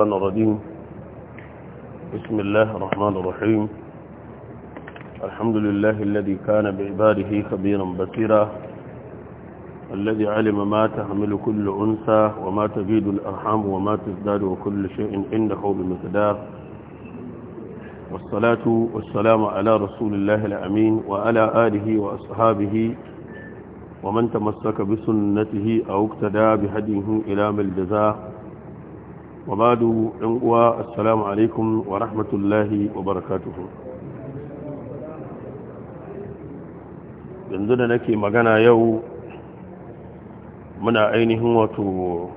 الرحمن الرحيم بسم الله الرحمن الرحيم الحمد لله الذي كان بعباده خبيرا بصيرا الذي علم ما تحمل كل أنثى وما تزيد الأرحام وما تزداد وكل شيء عنده بمقدار والصلاة والسلام على رسول الله الأمين وعلى آله وأصحابه ومن تمسك بسنته أو اقتدى بهديه إلى ملجزاه wa ɗan uwa assalamu alaikum wa rahmatullahi wa barakatuhu yanzu da nake magana yau muna ainihin wato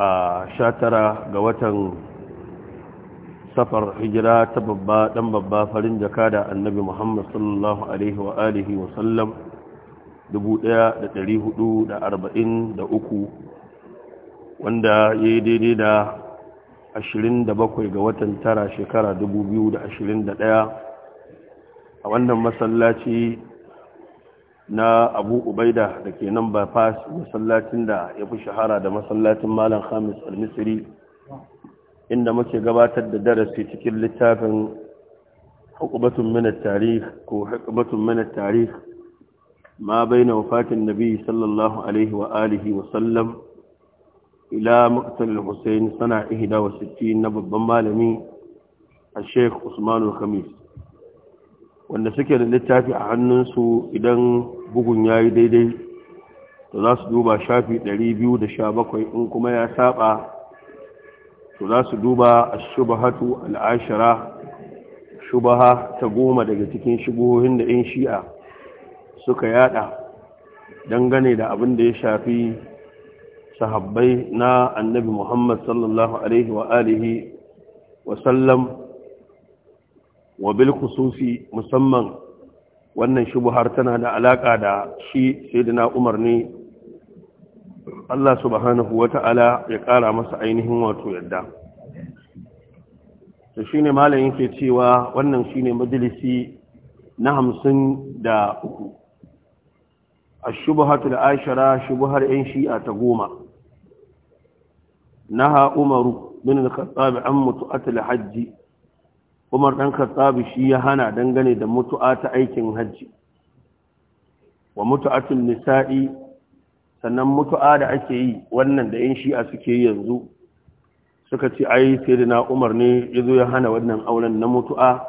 a sha tara ga watan safar hijira ta babba dan babba farin jaka da annabi muhammad sallallahu alaihi wa alihi wa sallam 1443 wanda ya yi daidai da 27 ga watan tara shekara 2021 a wannan masallaci na abu ubaida da ke nan bypass masallacin da ya fi shahara da masallacin malam hamis al-misri inda muke gabatar da darasi cikin littafin hukubatun minar tarih ko hukubatun minar tarih ma bai na wafatin nabi sallallahu alaihi wa alihi wa ila maqtal al-husayn sana 61 na babban malami al-sheikh Usman al wanda suke da littafi a hannunsu idan bugun yayi daidai to za su duba shafi 217 in kuma ya saba to za su duba a shubahatu al shubaha ta goma daga cikin shigohin da 'yan shi'a suka yada dangane da abin da ya shafi sahabbai na annabi Muhammad sallallahu alaihi wa alihi wa sallam wa bil musamman wannan shubuhar tana da alaƙa da shi sayyidina Umar ne Allah subhanahu ta’ala ya ƙara masa ainihin wato yadda shi shine malayin ke cewa wannan shine majalisi na hamsin da uku a الشبهة yan شبهة الإنشيئة تقوم naha umaru bin al-khattab an mutu'atul hajji umar dan khattab shi ya hana dangane da mutu'a ta aikin hajji wa nisa'i sannan mutu'a da ake yi wannan da yan shi'a suke yanzu suka ce ai na umar ne zo ya hana wannan auren na mutu'a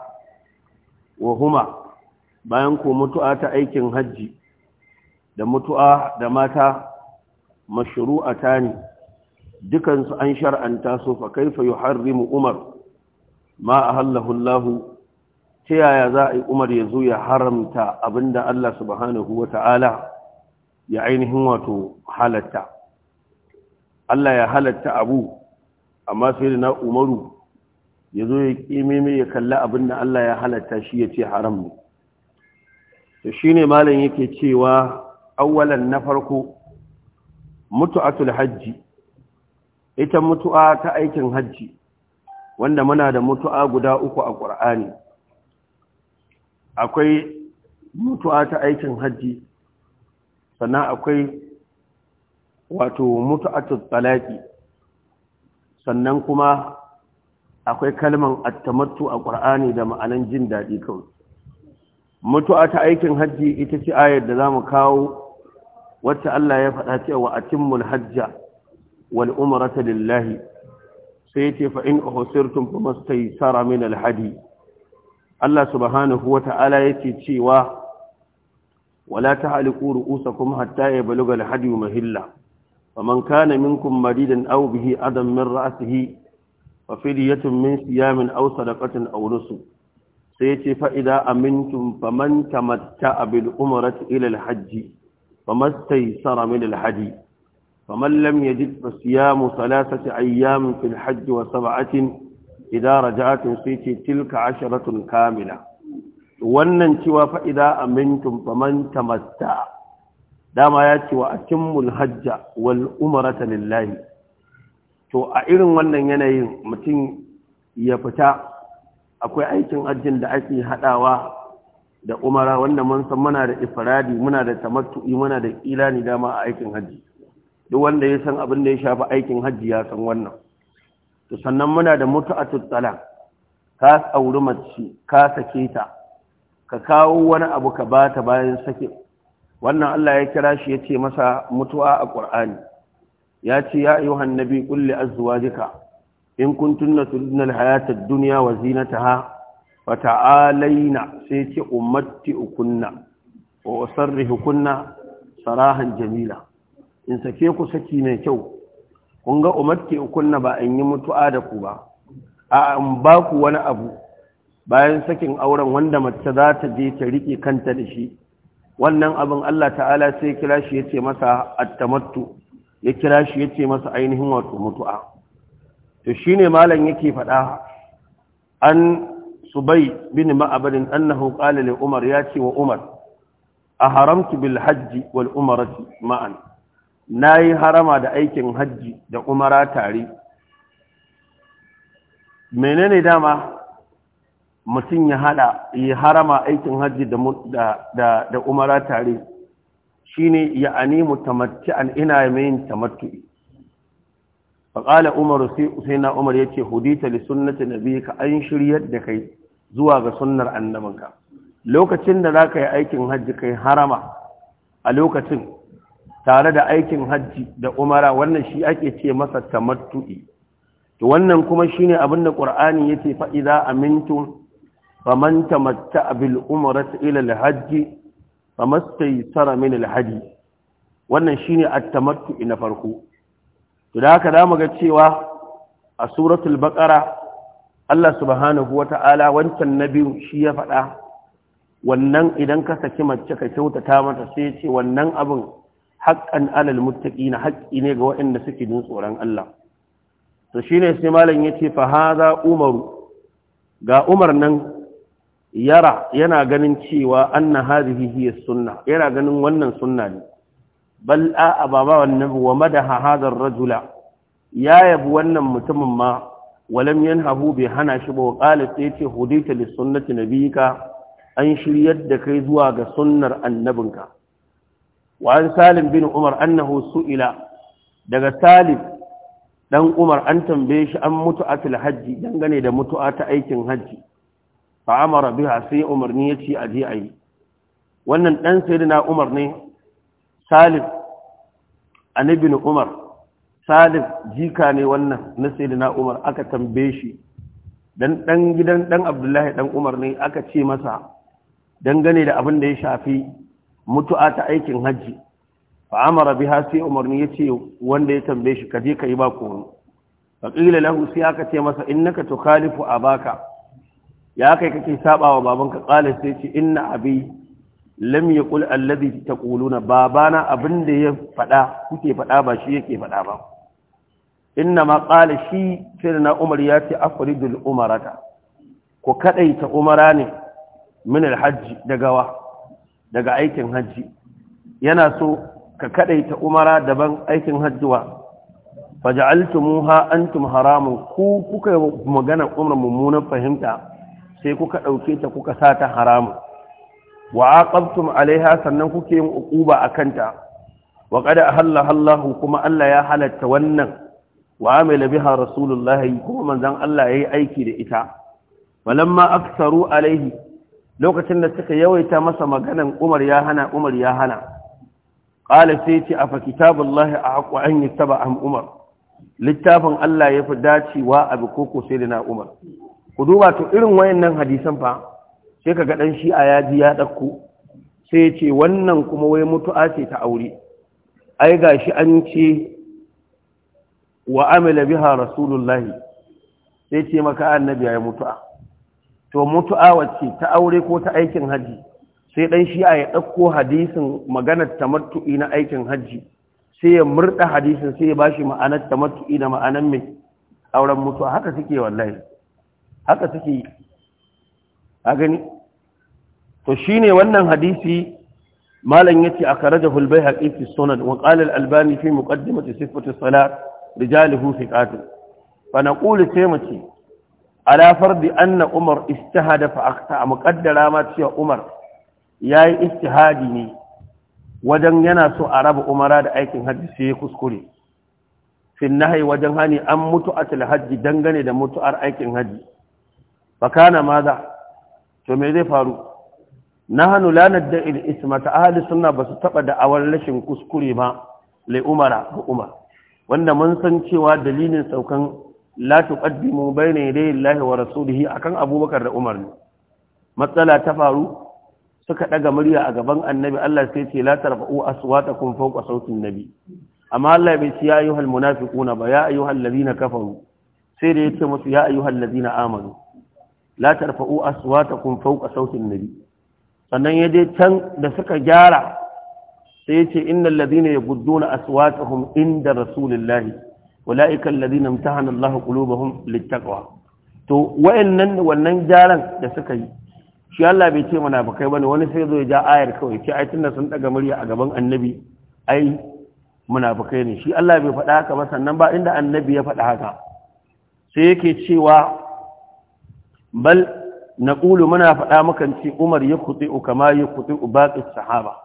wa huma bayan ko mutu'a ta aikin hajji da mutu'a da mata mashru'ata ne dukansu an shar'anta su fa kaifa yuharrimu umar ma ahallahu Allah ta yaya za a yi umar ya zo ya haramta abinda Allah subhanahu wata'ala ya ainihin wato halatta Allah ya halatta abu amma sai da na umaru ya zo ya ƙimeme ya kalla abinda Allah ya halatta shi ya ce haram ne shi shine malam yake cewa awwalan na farko mutu'atul hajji ita mutu'a ta aikin hajji wanda muna da mutu'a guda uku a ƙur'ani akwai mutu'a ta aikin hajji sannan akwai wato mutu'atu talaki sannan kuma akwai kalman attamattu a ƙur'ani da ma'anan jin daɗi kawai mutu'a ta aikin hajji ita ce ayar da za mu kawo wacce Allah ya faɗa cewa atimmul hajja والأمرة لله سيتي فإن أخسرتم فما استيسر من الحدي الله سبحانه وتعالى يتيتي ولا تعلقوا رؤوسكم حتى يبلغ الحدي مهلا فمن كان منكم مريدا أو به أدم من رأسه ففدية من صيام أو صدقة أو نسك سيتي فإذا أمنتم فمن تمتع بالأمرة إلى الحج فما استيسر من الحدي فمن لم يجد فصيام ثلاثة أيام في الحج وسبعة إذا رجعت tilka تلك عشرة كاملة wannan cewa fa'ida amintum faman tamatta dama ya ce wa akimmul hajja wal umarata lillahi to a irin wannan yanayin mutum ya fita akwai aikin ajin da ake haɗawa da umara wanda mun san muna da ifradi muna da tamattu'i muna da ilani dama a aikin hajji duk wanda ya san abin da ya shafi aikin hajji ya san wannan to sannan muna da mutu'atul talaq ka auri mace ka sake ta ka kawo wani abu ka bata bayan sake wannan Allah ya kira shi yace masa mutu'a a Qur'ani ya ce ya ayyuhan nabi qul li azwajika in kuntunna tuna hayatad hayata dunya wa zinataha ta'alaina sai ce ummati ukunna wa usarrihukunna sarahan jamila in sake ku saki mai kyau kun ga umarke kunna ba in yi mutu'a da ku ba a in ba ku wani abu bayan sakin auren wanda mace za ta je ta rike kanta da shi wannan abin Allah ta'ala sai kira shi yace masa at at-tamattu ya kira shi yace masa ainihin wato mutu'a to shine malam yake faɗa an subay bin ma'abad annahu qala li umar yace wa umar a bil hajji wal umrati ma'an na yi harama da aikin hajji da umara tare menene dama mutum ya hada ya harama aikin hajji da umara tare Shi shine ya animu an ina yin tamattu'i faƙala umaru sai na umar ya ce hudita na sunnati ka an shiryar da kai zuwa ga sunnar annabinka lokacin da za ka yi aikin hajji kai harama a lokacin tare da aikin hajji da umara wannan shi ake ce masa tamattu'i to wannan kuma shine abin da qur'ani yake faɗi za amintum faman tamatta'a bil umrati ila al hajji famastaysara min al hajji. wannan shine at-tamattu'i na farko to da haka zamu ga cewa a suratul baqara Allah subhanahu wata'ala wancan nabiyu shi ya faɗa wannan idan ka saki mace ka kyautata mata sai ce wannan abin haqqan alal na haqqi ne ga waɗanda suke jin tsoron Allah to sai malam yace fa hadha umaru ga umar nan yara yana ganin cewa anna hadhihi hiya sunna yana ganin wannan sunna ne bal a ababa wannan wa madaha hadha ar-rajula ya yabi wannan mutumin ma walam yanhahu bi hana shi ba qala sai ce hudita li sunnati nabiyika an shiryar da kai zuwa ga sunnar annabinka وعن Umar بن عمر أنه سئل daga salim dan umar an tambaye shi an mutu'atul hajji dangane da mutuwa ta aikin hajji fa amara biha sai umarni yace a je ayi wannan dan sayyidina umar ne salim anibin umar salim jika ne wannan na sayyidina umar aka tambaye shi dan gidan abdullahi dan umar ne aka ce masa dangane da abin da ya shafi mutu'a ta aikin hajji fa amara biha sai umarni yace wanda ya tambaye shi kaje kai ba ko fa qila lahu sai aka ce masa innaka tukhalifu abaka ya kai kake sabawa babanka qala sai ce inna abi lam yaqul alladhi taquluna babana abinda ya fada kuke fada ba shi yake fada ba inna ma qala shi na umar ya ce afridul umarata ku kadaita umara ne min alhajji daga wa daga aikin hajji yana so ka kadaita umara daban aikin hajjiwa faja'altumuha antum haramun ku kuka magana umar mummunan fahimta sai kuka dauke ta kuka sata haramun wa aqabtum alaiha sannan kuke yin uquba akanta wa qad ahalla Allahu kuma Allah ya halatta wannan wa amila biha rasulullahi kuma manzon Allah yayi aiki da ita walamma aksaru alaihi lokacin da suka yawaita masa maganan umar ya hana umar ya hana ƙala sai ce a fa kitabullahi a haƙwa an yi taba an umar littafin Allah ya fi dacewa a bi koko sai da na umar ku duba to irin wayannan hadisan fa sai ka ga ɗan shi'a ya ji ya ɗauko sai ce wannan kuma wai mutu'a ce ta aure ai ga shi an ce wa amila biha rasulullahi sai ce maka annabi ya mutu'a to mutu'a wacce ta aure ko ta aikin haji sai dan a ya ɗauko hadisin maganar tamattu'i na aikin haji sai ya murda hadisin sai ya bashi ma'anar tamattu'i da ma'anar mai auren mutu'a haka suke wallahi haka suke a gani to shine wannan hadisi malam yace akarajahu al-bayhaqi fi sunan wa qala al-albani fi muqaddimati sifati salat rijaluhu thiqat fa naqulu sai mu ce ala fardi anna umar istihada fa akta a muƙaddara ma cewa umar ya yi istihadi ne wajen yana so a raba umara da aikin hajji sai ya kuskure fin nahai wajen hani an mutu a hajji dangane da mutu'ar aikin hajji ma maza to me zai faru Na hannu la da il ismata ahli sunna basu taba da awar rashin kuskure ba li umara ga umar wanda mun san cewa dalilin saukan la tuqaddimu bayna yaday Allahi wa rasulihi akan Abubakar da Umar ne matsala ta faru suka daga murya a gaban Annabi Allah sai ce la tarfa'u aswatakum fawqa sautin nabi amma Allah bai ce ya ayyuhal munafiquna ba ya ayyuhal ladina kafaru sai da yace musu ya ayyuhal ladina amanu la tarfa'u aswatakum fawqa sautin nabi sannan yaje can da suka gyara sai ya yace innal ladina yabudduna aswatahum inda rasulillahi ولائك الذين امتحن الله قلوبهم للتقوى to وينن wannan jaran da suka yi shi Allah bai ce mana kai bane wani sai zo ya ja ayar kawai ce ai tunda sun daga murya a gaban annabi ai munafikai ne shi Allah bai faɗa haka ba sannan ba inda annabi ya faɗa haka sai yake cewa bal naqulu muna faɗa maka ce Umar ya u kama ya u baqi sahaba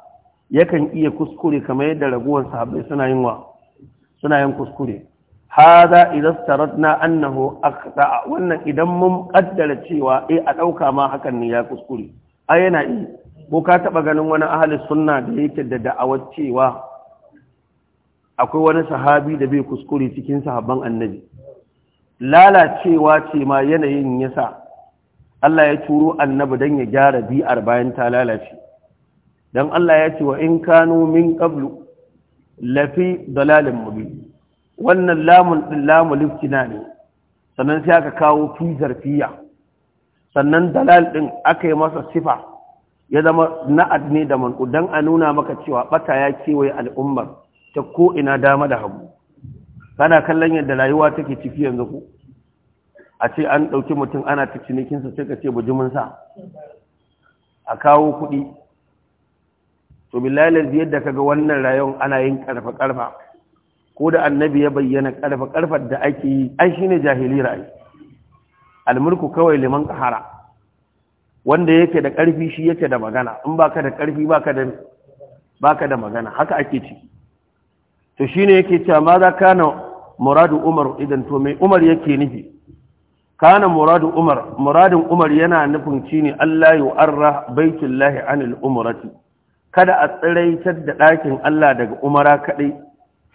yakan iya kuskure kamar yadda raguwar sahabbai suna yin wa suna yin kuskure hada idan na annahu aqta wannan idan mun kaddara cewa eh a dauka ma hakan ne ya kuskure ai yana yi ko ka taba ganin wani ahli sunna da yake da da'awar cewa akwai wani sahabi da bai kuskure cikin sahabban annabi lalacewa ce ma yanayin yasa Allah ya turo annabi dan ya gyara bi'ar bayan ta lalace dan Allah ya ce wa in kanu min qablu lafi dalalin mubin wannan lamun ɗin lamun liftina ne sannan sai aka kawo fi fiya. sannan dalal ɗin aka yi masa sifa ya zama na'ad ne da manku don a nuna maka cewa ɓata ya kewaye al'ummar ta ko'ina dama da hagu kana kallon yadda rayuwa take ciki yanzu ku a ce an ɗauki mutum ana ta cinikinsa sai ka ce bujiminsa a kawo kuɗi to billahi yadda kaga wannan rayuwar ana yin ƙarfa-ƙarfa ko da annabi ya bayyana ƙarfa ƙarfar da ake yi An shine jahili ra'ayi almulku kawai liman qahara wanda yake da ƙarfi shi yake da magana in baka da ƙarfi baka da baka da magana haka ake ci to shine yake cewa ma za kana muradu umar idan to mai umar yake nufi kana muradu umar muradin umar yana nufin shine Allah yu'arra baitullahi anil umrati kada a tsiraitar da ɗakin Allah daga umara kaɗai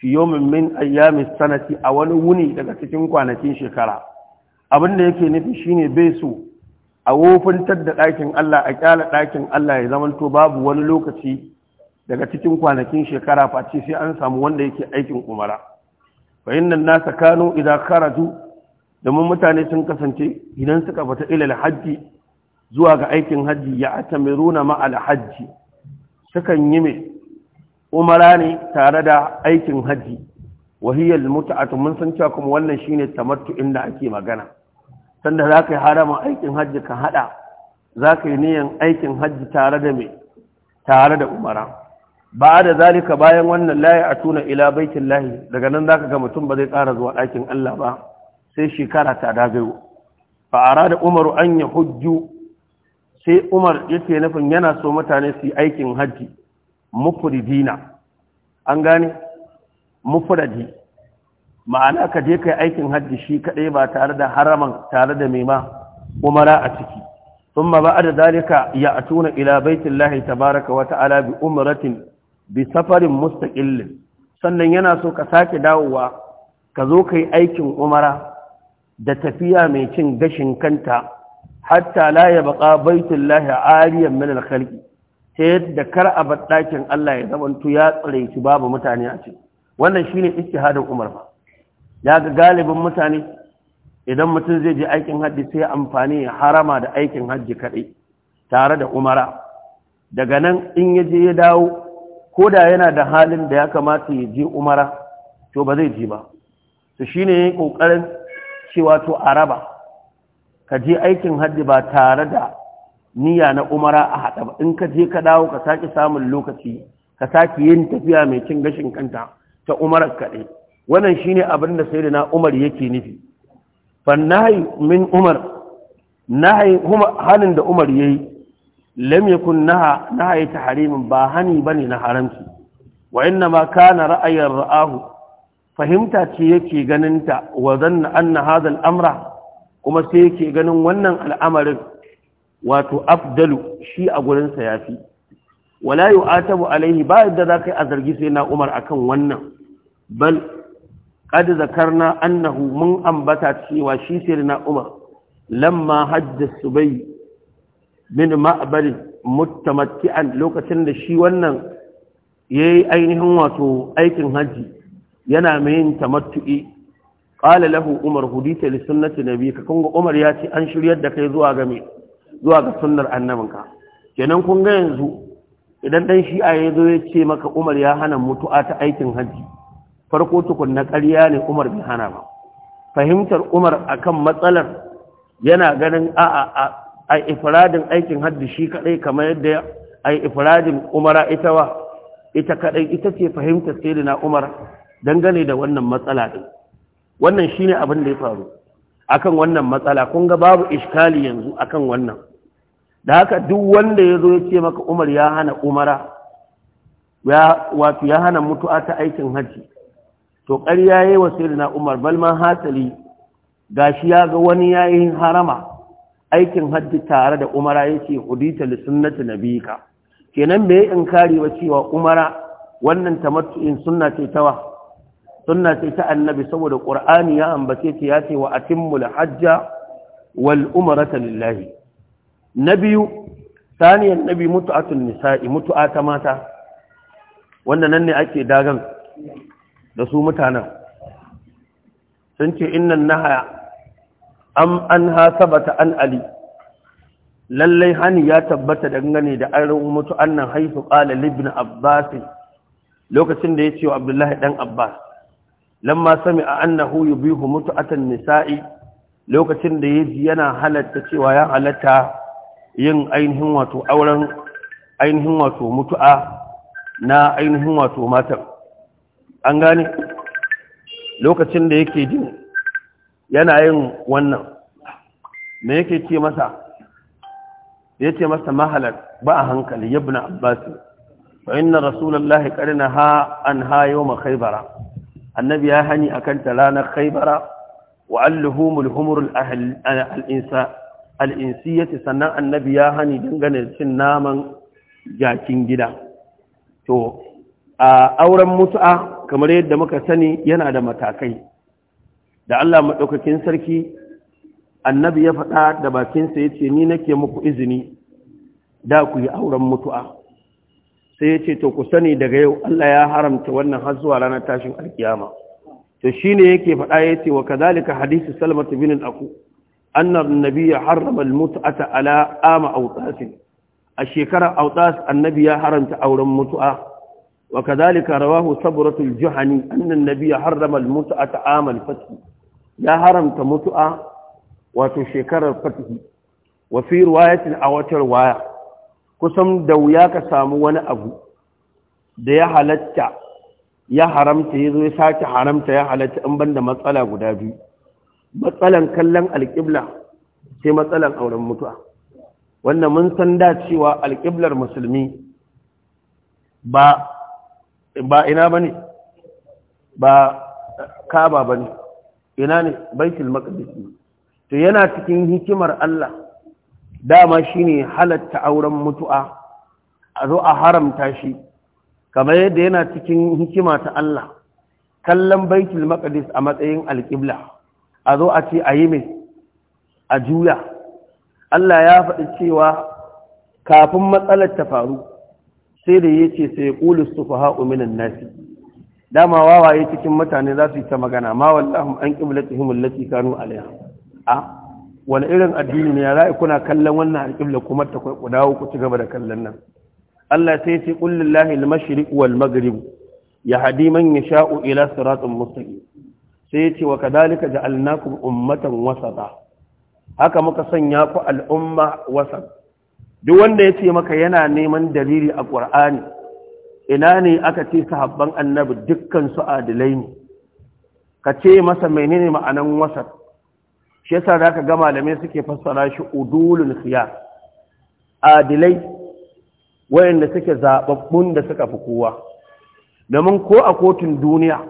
fi yomin min ayyamis sanati a wani wuni daga cikin kwanakin shekara abin da yake nufi shine bai so a wofintar da ɗakin Allah a kyala ɗakin Allah ya zamanto babu wani lokaci daga cikin kwanakin shekara face sai an samu wanda yake aikin umara Fahimtar na nasa kanu idan karatu domin mutane sun kasance idan suka fita ilal hajji zuwa ga aikin hajji ya atamiruna ma Alhajji hajji sukan yi mai umara ne tare da aikin haji wahiyar mutu'atu mun san cewa kuma wannan shine tamattu inda ake magana sanda za ka yi haramun aikin hajji ka hada za ka yi niyan aikin hajji tare da mai tare da umara ba da zalika bayan wannan layi a tuna ila baikin lahi daga nan za ka ga mutum ba zai ƙara zuwa ɗakin Allah ba sai shekara ta dagayo fa'ara da umaru an ya hujju sai umar yake nufin yana so mutane su yi aikin hajji mufridina an gane mufradi ma'ana ka je kai aikin hajji shi kaɗai ba tare da haraman tare da mema umara a ciki thumma da zalika ya'tuna ila baitillahi tabaaraka wa ta'ala bi umratin bi safarin mustaqillin sannan yana so ka sake dawowa ka zo kai aikin umara da tafiya mai cin gashin kanta hatta la yabqa baitullahi a ariyar al-khalqi ta yadda kar a bar Allah ya zamanto ya tsare shi babu mutane a cikin. wannan shi shine hadin Umar ba. ya ga galibin mutane idan mutum zai je aikin hajji sai amfani ya harama da aikin hajji kaɗai tare da umara daga nan in ya je ya dawo ko da yana da halin da ya kamata ya je umara to ba zai ji ba to shine ne kokarin cewa to araba ka je aikin hajji ba tare da niyya na umara a haɗa ba in ka je ka dawo ka sake samun lokaci ka sake yin tafiya mai cin gashin kanta ta umar kaɗai wannan shi ne abin da sai na umar yake nufi fannahi min umar nahi hanin da umar yayi lam yakun naha nahi ta harimin ba hani bane na haramci wa inna ma kana ra'ayin ra'ahu fahimta ce yake ganinta wa zanna anna hadha al-amra kuma sai yake ganin wannan al'amarin wato afdalu shi a gurinsa ya fi wala yi atabu alaihi ba yadda za ka yi a zargi sai na umar akan wannan bal kad zakarna annahu mun ambata cewa shi sai na umar lamma hajja subai min ma'abarin mutamatti'an lokacin da shi wannan yayi ainihin wato aikin hajji, yana mai yin tamattu'i qala lahu umar hudita li sunnati ka kunga umar ya ce an shiryar da kai zuwa ga mai zuwa ga sunnar annabinka kenan kun ga yanzu idan dan shi'a ya zo ya ce maka umar ya hana mutu'a ta aikin hajji farko tukun na ƙarya ne umar bai hana ba fahimtar umar akan matsalar yana ganin a a ifradin aikin hajji shi kadai kamar yadda ai ifradin umara ita wa ita kadai ita ce fahimtar sayyidina umar dangane da wannan matsala din wannan shine abin da ya faru akan wannan matsala kun ga babu iskali yanzu akan wannan da haka duk wanda ya zo ya ce maka umar ya hana umara wato ya hana mutu'a ta aikin hajji to ƙarya yi wa na umar balma hatsali gashi ya ga wani yayin harama aikin hajji tare da umara ya ce hudita na sunnati ka. kenan me ya kare ba cewa umara wannan tamattu'in sunna ce sunna ce ta annabi saboda ƙur'ani ya ambace ta ya ce wa atimmul hajja wal umrata lillahi na biyu saniyan nabi mutu'atun nisa'i mutu'a ta mata wanda nan ne ake dagan da su mutanen sun ce innan na am an hasabata an ali lallai hani ya tabbata dangane da an rubu mutu nan haifu qala libin abbas lokacin da ya ce wa abdullahi dan abbas lamma a annahu yubihu mutu'atan nisa'i lokacin da ya ji yana halatta cewa ya halatta yin ainihin wato auren ainihin wato mutu'a na ainihin wato matar, an gane lokacin da yake jin yana yin wannan me yake ce masa ya ce masa mahalar ba a hankali yabna abbasi fa inna Rasulallah qarna ha an ha yawma khaybara annabi ya hani akan ta ranar khaybara wa alluhumul humurul ahl al insa ce sannan annabi ya hani dangane cin naman jakin gida to a auren mutu'a kamar yadda muka sani yana da matakai da Allah maɗaukakin sarki annabi ya faɗa da bakinsa ya ce ni nake muku izini da ku yi auren mutu'a sai ya ce to ku sani daga yau Allah ya haramta wannan har zuwa ranar tashin alkiyama to shi ne yake faɗa ya ce wa kazalika hadisi salmatu binin aku أن النبي حرم المتعة على آم أوطاس الشكرة أوطاس النبي حرمت أورا متعة وكذلك رواه صبرة الجحني أن النبي حرم المتعة آم الفتح يا حرمت متعة وتشكر الفتح وفي رواية أو الرواية قسم دوياك ساموان أبو دي حلتك يا حرمت يذو ساك حرمت يا حلت أنبن مسألة قدابي matsalan kallon alƙibla sai matsalan auren mutuwa wannan mun san da cewa alƙiblar musulmi ba ba ina bane ba kaba bane ina ne baitul maqdis to yana cikin hikimar Allah dama shine halatta auren mutu'a a zo a haramta shi kamar yadda yana cikin hikima ta Allah kallon baitul maqdis a matsayin alqibla a zo a ce a yi mai a juya Allah ya faɗi cewa kafin matsalar ta faru sai da ya ce sai ƙulis su faha uminan nasi dama wawaye cikin mutane za su yi ta magana ma wallahun an ƙiblata himul lati kanu alaiha a wani irin addini ne ya ra'i kuna kallon wannan alƙibla kuma ta ku dawo ku ci gaba da kallon nan Allah sai ce ƙullin lahi al-mashriq wal maghrib ya hadi man yasha'u ila siratun mustaqim sai ce wa kadalika ja'alnakum ummatan wasata haka muka sanya ku al'umma wasan duk wanda ya ce maka yana neman dalili a ƙur'ani ina ne aka ce sahabban annabi dukkan su adilai ne ka ce masa menene ma'anan wasat shi yasa zaka ga malamai suke fassara shi udulun khiyar adilai wayanda suke zababbun da suka fi kowa domin ko a kotun duniya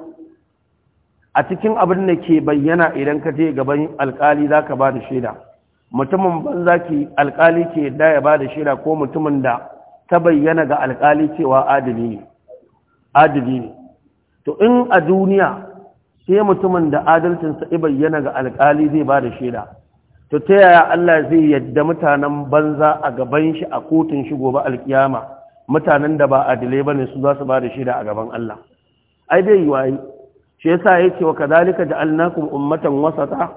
a cikin abin da ke bayyana idan ka je gaban alkali za ka ba da shaida mutumin banza ki alkali ke da ya ba da shaida ko mutumin da ta bayyana ga alkali cewa adali ne ne to in a duniya sai mutumin da adalcinsa ya bayyana ga alkali zai ba da shaida to ta yaya Allah zai yadda mutanen banza a gaban shi a kotun shi gobe alkiyama mutanen da ba adilai bane su za su ba da shaida a gaban Allah ai bai yi shi yasa yake wa da ja'alnakum ummatan wasata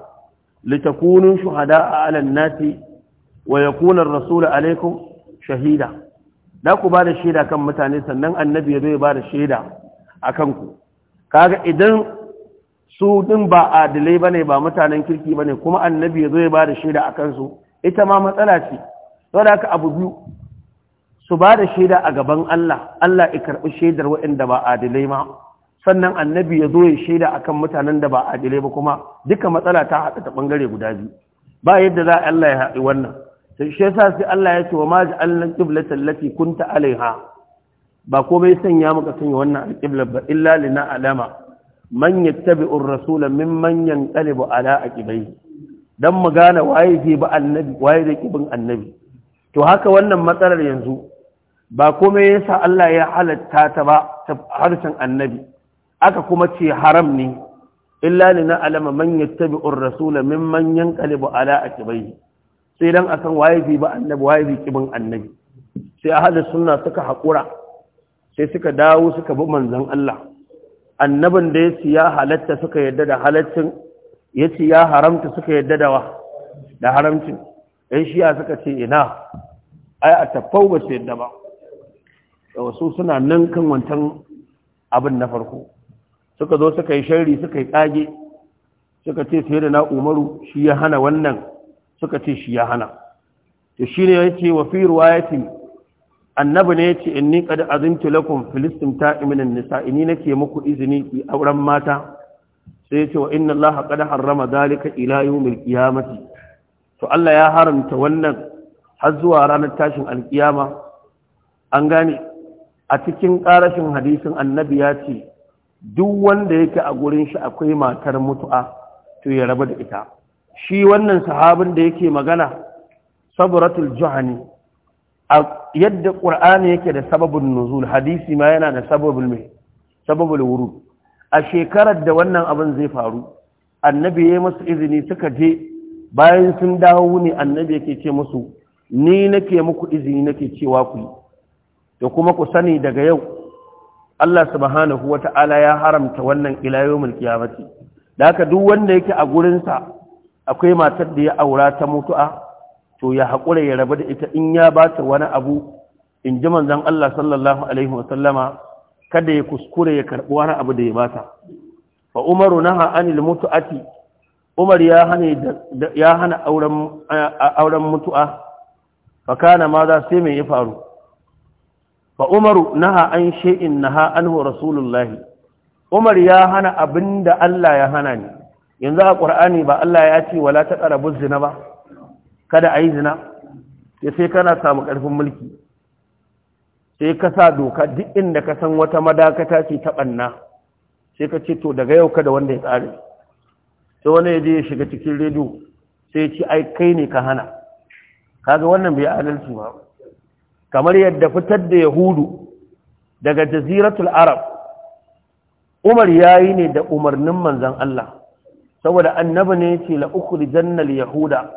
litakunu shuhada'a 'ala an-nasi wa yakuna ar rasul 'alaykum shahida da ku ba da shaida kan mutane sannan annabi ya zo ya ba da shaida akan ku kaga idan su din ba adilai bane ba mutanen kirki bane kuma annabi ya zo ya ba da shaida akan su ita ma matsala ce saboda haka abu biyu su ba da shaida a gaban Allah Allah ya karbi shaidar waɗanda ba adilai ma sannan annabi ya zo ya shaida akan mutanen da ba adilai ba kuma duka matsala ta haɗa ta ɓangare guda biyu ba yadda za a Allah ya haɗi wannan sai shi yasa sai Allah ya ce wa ma ja'alna qiblata allati kunta alaiha ba komai sanya muka sanya wannan alqibla ba illa lina alama man yattabi'u rasula mimman yanqalibu ala aqibai dan mu gane waye ke ba annabi waye da kibin annabi to haka wannan matsalar yanzu ba komai yasa Allah ya halatta ta ba harshen annabi aka kuma ce haram ne illa ni na alama man yattabi'ur rasula mimman yanqalibu ala aqibai sai dan akan waye bi ba annabi waye bi kibin annabi sai ahlus sunna suka hakura sai suka dawo suka bi manzon Allah annabin da yace ya halatta suka yadda da halaccin yace ya haramta suka yadda da wa da haramcin ɗan shiya suka ce ina ai a tafau ba su yadda ba da wasu suna nan kan wancan abin na farko suka zo suka yi sharri suka yi tsage suka ce sai da na umaru shi ya hana wannan suka ce shi ya hana to shi ne ya ce wa fi ruwayatin annabi ne ya ce in ni kada azimtu lakum filistin ta iminin nisa ini nake muku izini ki auren mata sai ya ce wa inna allaha qad harrama zalika ila yawmil qiyamati to Allah ya haramta wannan har zuwa ranar tashin alkiyama an gane a cikin ƙarashin hadisin annabi ya ce duk wanda yake a gurin shi akwai matar mutu'a to ya raba da ita shi wannan sahabin da yake magana saburatul juhani yadda qur'ani yake da sababin nuzul hadisi ma yana da sababul mai sababul wurud a shekarar da wannan abin zai faru annabi ya musu izini suka je bayan sun dawo ne annabi yake ce musu ni nake muku izini nake cewa ku da kuma ku sani daga yau Allah subhanahu wata'ala ya haramta wannan ilayomin yawmil qiyamati da haka duk wanda yake a gurin sa akwai matar da ya aura ta mutu'a to ya hakura ya rabu da ita in ya bata wani abu in ji manzon Allah sallallahu alaihi Wasallama kada ya kuskure ya karbi wani abu da ya bata fa umaru naha anil mutu'ati umar ya hana ya hana auren auren mutu'a fa kana ma za sai me ya faru fa umaru naha an shay'in naha anhu rasulullahi umar ya hana abinda Allah ya hana ni yanzu a qur'ani ba Allah ya ce wala taqrabu zina ba kada ayi zina ya sai kana samu karfin mulki sai ka sa doka duk inda ka san wata madakata ce ta banna sai ka ce to daga yau kada wanda ya tsare sai wani ya je ya shiga cikin rediyo sai ya ce ai kai ne ka hana kaga wannan bai adalci ba kamar yadda fitar da yahudu daga jaziratul arab umar ya yi ne da umarnin manzan Allah saboda annabi ne ce la'ukuri jannal yahuda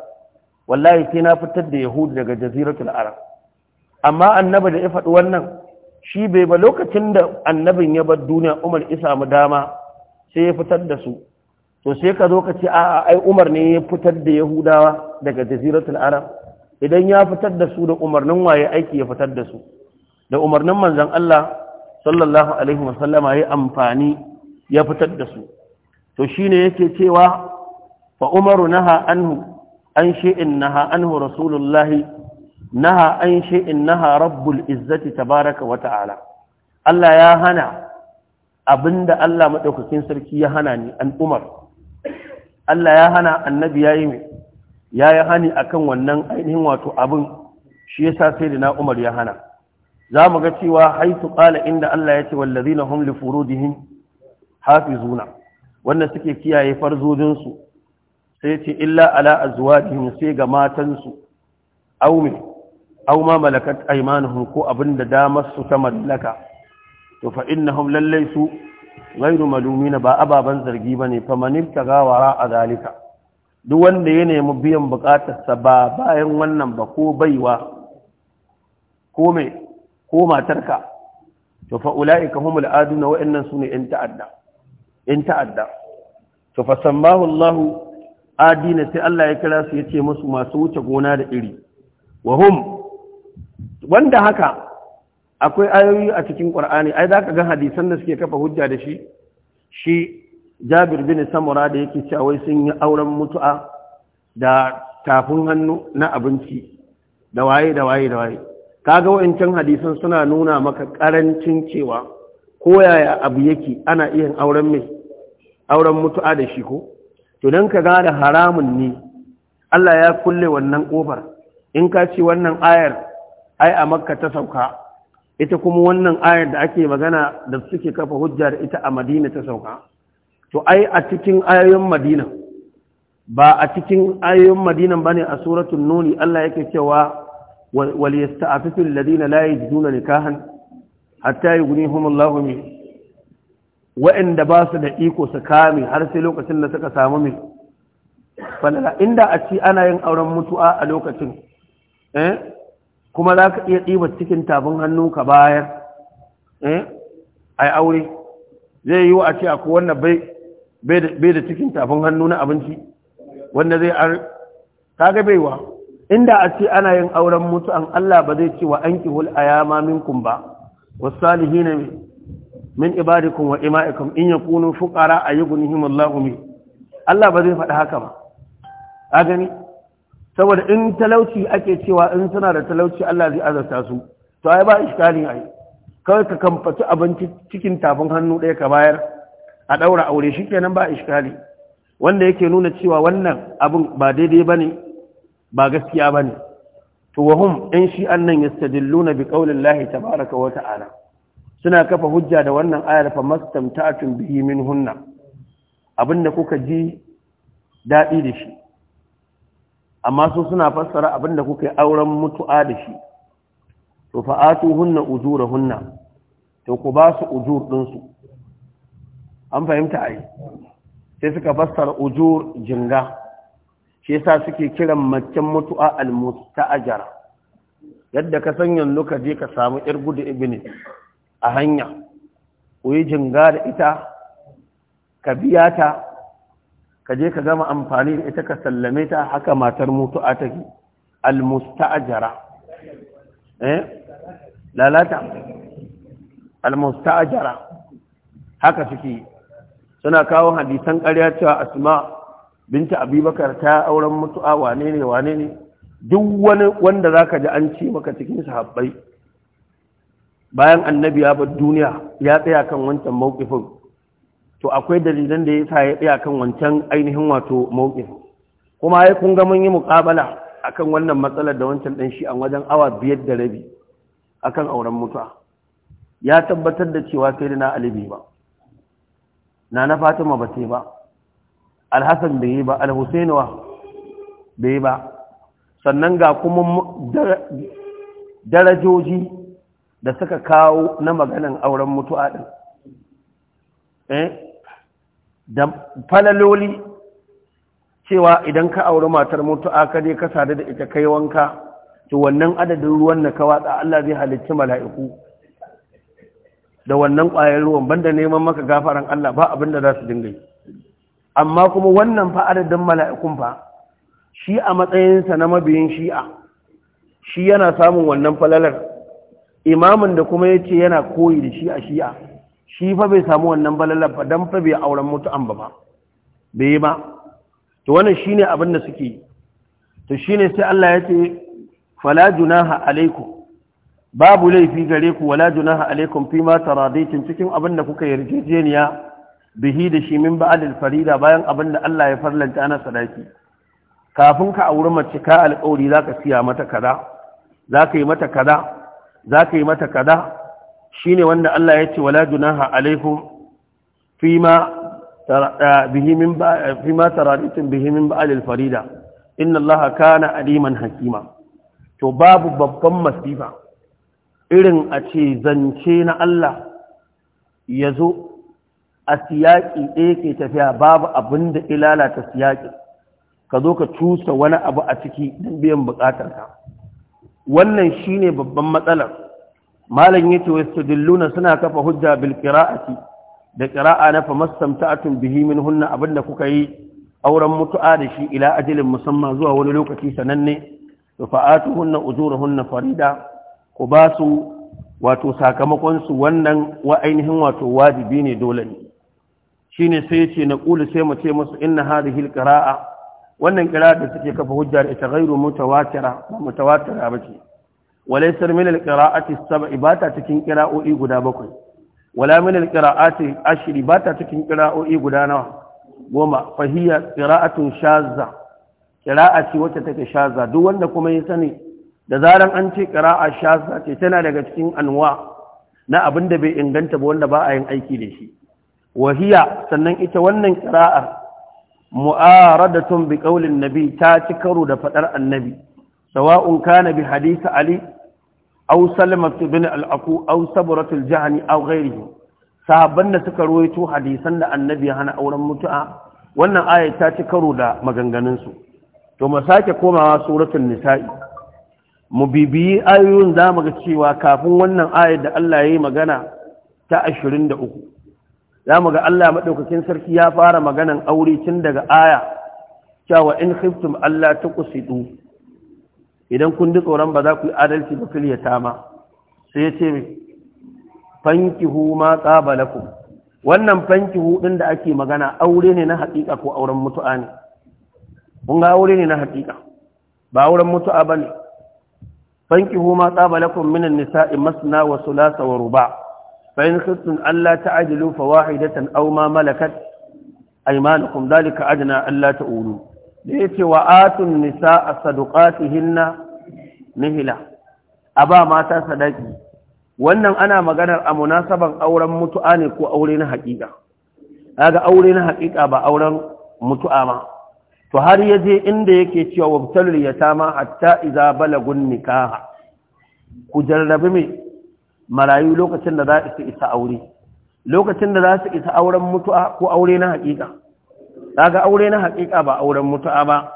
wallahi sai na fitar da yahudu daga jaziratul arab amma annabi da ya faɗi wannan shi bai ba lokacin da annabin ya bar duniya umar ya mu dama sai ya fitar da su to sai ka zo ka ce a'a ai umar ne ya fitar da yahudawa daga jaziratul arab idan ya fitar da su da umarnin waye aiki ya fitar da su da umarnin manzon Allah sallallahu alaihi wasallama ya amfani ya fitar da su to shine yake cewa fa umaru naha anhu an shay'in naha anhu rasulullahi naha an shay'in naha rabbul izzati tabaraka wa ta'ala Allah ya hana abinda Allah madaukakin sarki ya hana ni an umar Allah ya hana annabi yayi ya yi hani akan wannan ainihin wato abin shi yasa sai da na umar ya hana za mu ga cewa haitu ƙala inda Allah ya ce wallazi na hum li hafi hafizuna wanda suke kiyaye farzojinsu sai ce illa ala azwajihim sai ga matansu su. min aw ma malakat aymanuhum ko abinda damar su ta mallaka to fa innahum lallaisu ghayru malumina ba ababen zargi ba fa man ta gawara a zalika duk wanda ya nemi biyan bukatarsa ba bayan wannan ba ko baiwa ko mai ko matarka to fa ula'ika humul aduna wa'annan sune in ta'adda in ta'adda to fa sammahu Allah adina sai Allah ya kira su yace musu masu wuce gona da iri wa hum wanda haka akwai ayoyi a cikin Qur'ani ai zaka ga hadisan da suke kafa hujja da shi shi jabir bin samura da yake cewa wai sun yi auren mutu'a da tafin hannu na abinci da waye da waye da waye kaga wa'ancan hadisan suna nuna maka karancin cewa ko yaya abu yake ana iya auren mai auren mutu'a da shi ko to dan ka ga da haramun ne Allah ya kulle wannan kofar in ka ci wannan ayar ai a makka ta sauka ita kuma wannan ayar da ake magana da suke kafa hujjar ita a madina ta sauka to ai a cikin ayoyin madina ba a cikin ayoyin madina ba ne a suratun nuni Allah yake cewa wal yasta'afifu alladhina la yajiduna nikahan hatta yughnihum Allahu min wa'anda ba su da iko su kame har sai lokacin da suka samu min falala inda a ci ana yin auren mutu'a a lokacin eh kuma za ka iya ɗiba cikin tabin hannu ka bayar eh ai aure zai yi wa a ce akwai wannan bai bai da cikin tafin hannu na abinci wanda zai ar kaga baiwa inda a ce ana yin auren mutu an Allah ba zai ce wa an kihul ayama minkum ba wasalihina min ibadikum wa ima'ikum in yakunu fuqara ayyukunhum Allahu min Allah ba zai faɗi haka ba a gani saboda in talauci ake cewa in suna da talauci Allah zai azarta su to ai ba iskali ai kawai ka kamfaci abinci cikin tafin hannu ɗaya ka bayar a ɗaura aure shi kenan ba a ishkali wanda yake nuna cewa wannan abin ba daidai ba ne ba gaskiya ba ne to wahum ɗan shi nan ya dillu na bi ƙaunin lahi ta baraka wata ana suna kafa hujja da wannan ayar fa mastamta'atun bihi min hunna abinda kuka ji daɗi da shi amma su suna fassara abinda kuka yi auren mutu'a da shi to fa'atu hunna ujura hunna to ku ba su ujur ɗinsu an fahimta ai sai suka fassara ujur jinga shi yasa suke kiran macen mutu'a al-musta'ajara yadda ka san yanzu ka je ka samu yar gudu ibni a hanya koyi jinga da ita ka biya ta ka je ka gama amfani da ita ka sallame ta haka matar mutu'a take almusta'jara eh lalata al-musta'ajara haka suke suna kawo hadisan ƙarya cewa asma binta abubakar ta auren mutu'a wane ne wane ne duk wani wanda za ka ji an ce maka cikin sahabbai bayan annabi ya bar duniya ya tsaya kan wancan mawkifin to akwai dalilan da ya sa ya tsaya kan wancan ainihin wato mawkif kuma ya kun ga mun yi muƙabala akan wannan matsalar da wancan ɗan shi a wajen awa biyar da rabi akan auren mutu'a ya tabbatar da cewa sai da na alibi ba na na fatima ba ce ba alhassan bai yi ba alhussainuwa bai yi ba sannan ga kuma darajoji da suka kawo na maganin auren mutuwa ɗin eh, da falaloli cewa idan ka auri matar mutu'a ka je ka sadu da ita kai wanka to wannan adadin ruwan na kawatsa Allah zai halicci mala'iku da wannan ƙwayar ruwan banda neman maka gafaran Allah ba abinda za su dinga yi amma kuma wannan fa adadin mala'ikun fa shi a matsayinsa na mabiyin shi'a shi yana samun wannan falalar imamin da kuma yace yana koyi da shi a shi'a shi fa bai samu wannan falalar fa dan fa bai auren mutu'an ba ba bai ba to wannan shine abin da suke to shine sai Allah ya yace fala junaha alaikum babu laifi gare ku wala junaha alaikum fi ma taradaitum cikin abin da kuka yarjejeniya bihi da shi min ba'd al-farida bayan abin da Allah ya farlanta ana sadaki kafin ka auri mace ka alƙawari zaka siya mata kaza zaka yi mata kaza zaka yi mata kaza shine wanda Allah ya ce wala junaha alaikum fi ma eh, bihi min eh, fi ma taradaitum bihi min ba'd al-farida inna Allah kana aliman hakima to babu babban masifa irin a ce zance na Allah ya zo a siyaƙi ɗaya ke tafiya babu abin da ilalata siyaƙi ka zo ka cusa wani abu a ciki don biyan buƙatarka wannan shi ne babban matsalar malam ya ce wasu dilluna suna kafa hujja bil ƙira'ati da ƙira'a na famastamta'atun bihi min hunna abin da kuka yi auren mutu'a da shi ila ajalin musamman zuwa wani lokaci sananne hunna uzura hunna farida ku ba su wato sakamakonsu wannan wa ainihin wato wajibi ne dole ne shi ne sai ce na ƙulu sai mu ce musu inna hadihil qira'a wannan qira'a da suke kafa hujja da ita ghairu mutawatira ba ce. bace walaysa min alqira'ati sab'i ba ta cikin qira'o'i guda bakwai wala min alqira'ati ashri ba ta cikin qira'o'i guda nawa goma fahiya qira'atun shazza Ƙira'a ce wacce take shazza duk wanda kuma ya sani da zaran an ce ƙira'a shasa ce tana daga cikin anwa na abin da bai inganta ba wanda ba a yin aiki da shi wahiya sannan ita wannan ƙira'ar mu'aradatun bi ƙaulin nabi ta ci karo da faɗar annabi sawa'un kana bi hadisa ali aw salama ibn al-aqu aw sabratu al-jahni aw sahabban da suka ruwaito hadisan da annabi ya hana auren mutu'a wannan aya ta ci karo da maganganun to mu sake komawa suratun nisa'i mu bibiyi ayoyin za mu ga cewa kafin wannan ayar da Allah ya yi magana ta 23 za mu ga Allah maɗaukakin sarki ya fara maganan aure tun daga aya cewa in khiftum Allah ta kusidu idan kun ji tsoron ba za ku yi adalci ba ta ma sai ya ce mai fankihu ma qabalakum wannan fankihu ɗin da ake magana aure ne na haƙiƙa ko auren mutu'a ne kun aure ne na haƙiƙa ba auren mutu'a bane Banki ma tsaba lakum min an-nisa'i masna wa thulatha wa ruba' fa in khiftum alla ta'dilu fawahidatan aw ma malakat aymanukum dhalika adna alla ta'ulu da yace wa atun nisa'a sadaqatihinna nihila ba mata sadaki wannan ana maganar a munasaban auren mutu'a ne ko aure na haƙiƙa kaga aure na haƙiƙa ba auren mutu'a ba to har ya je inda yake cewa ta ma hatta idza balagun nikaha ku jarrabi mai marayu lokacin da za su isa aure lokacin da za su isa auren mutu'a ko aure na haƙiƙa kaga aure na haƙiƙa ba auren mutu'a ba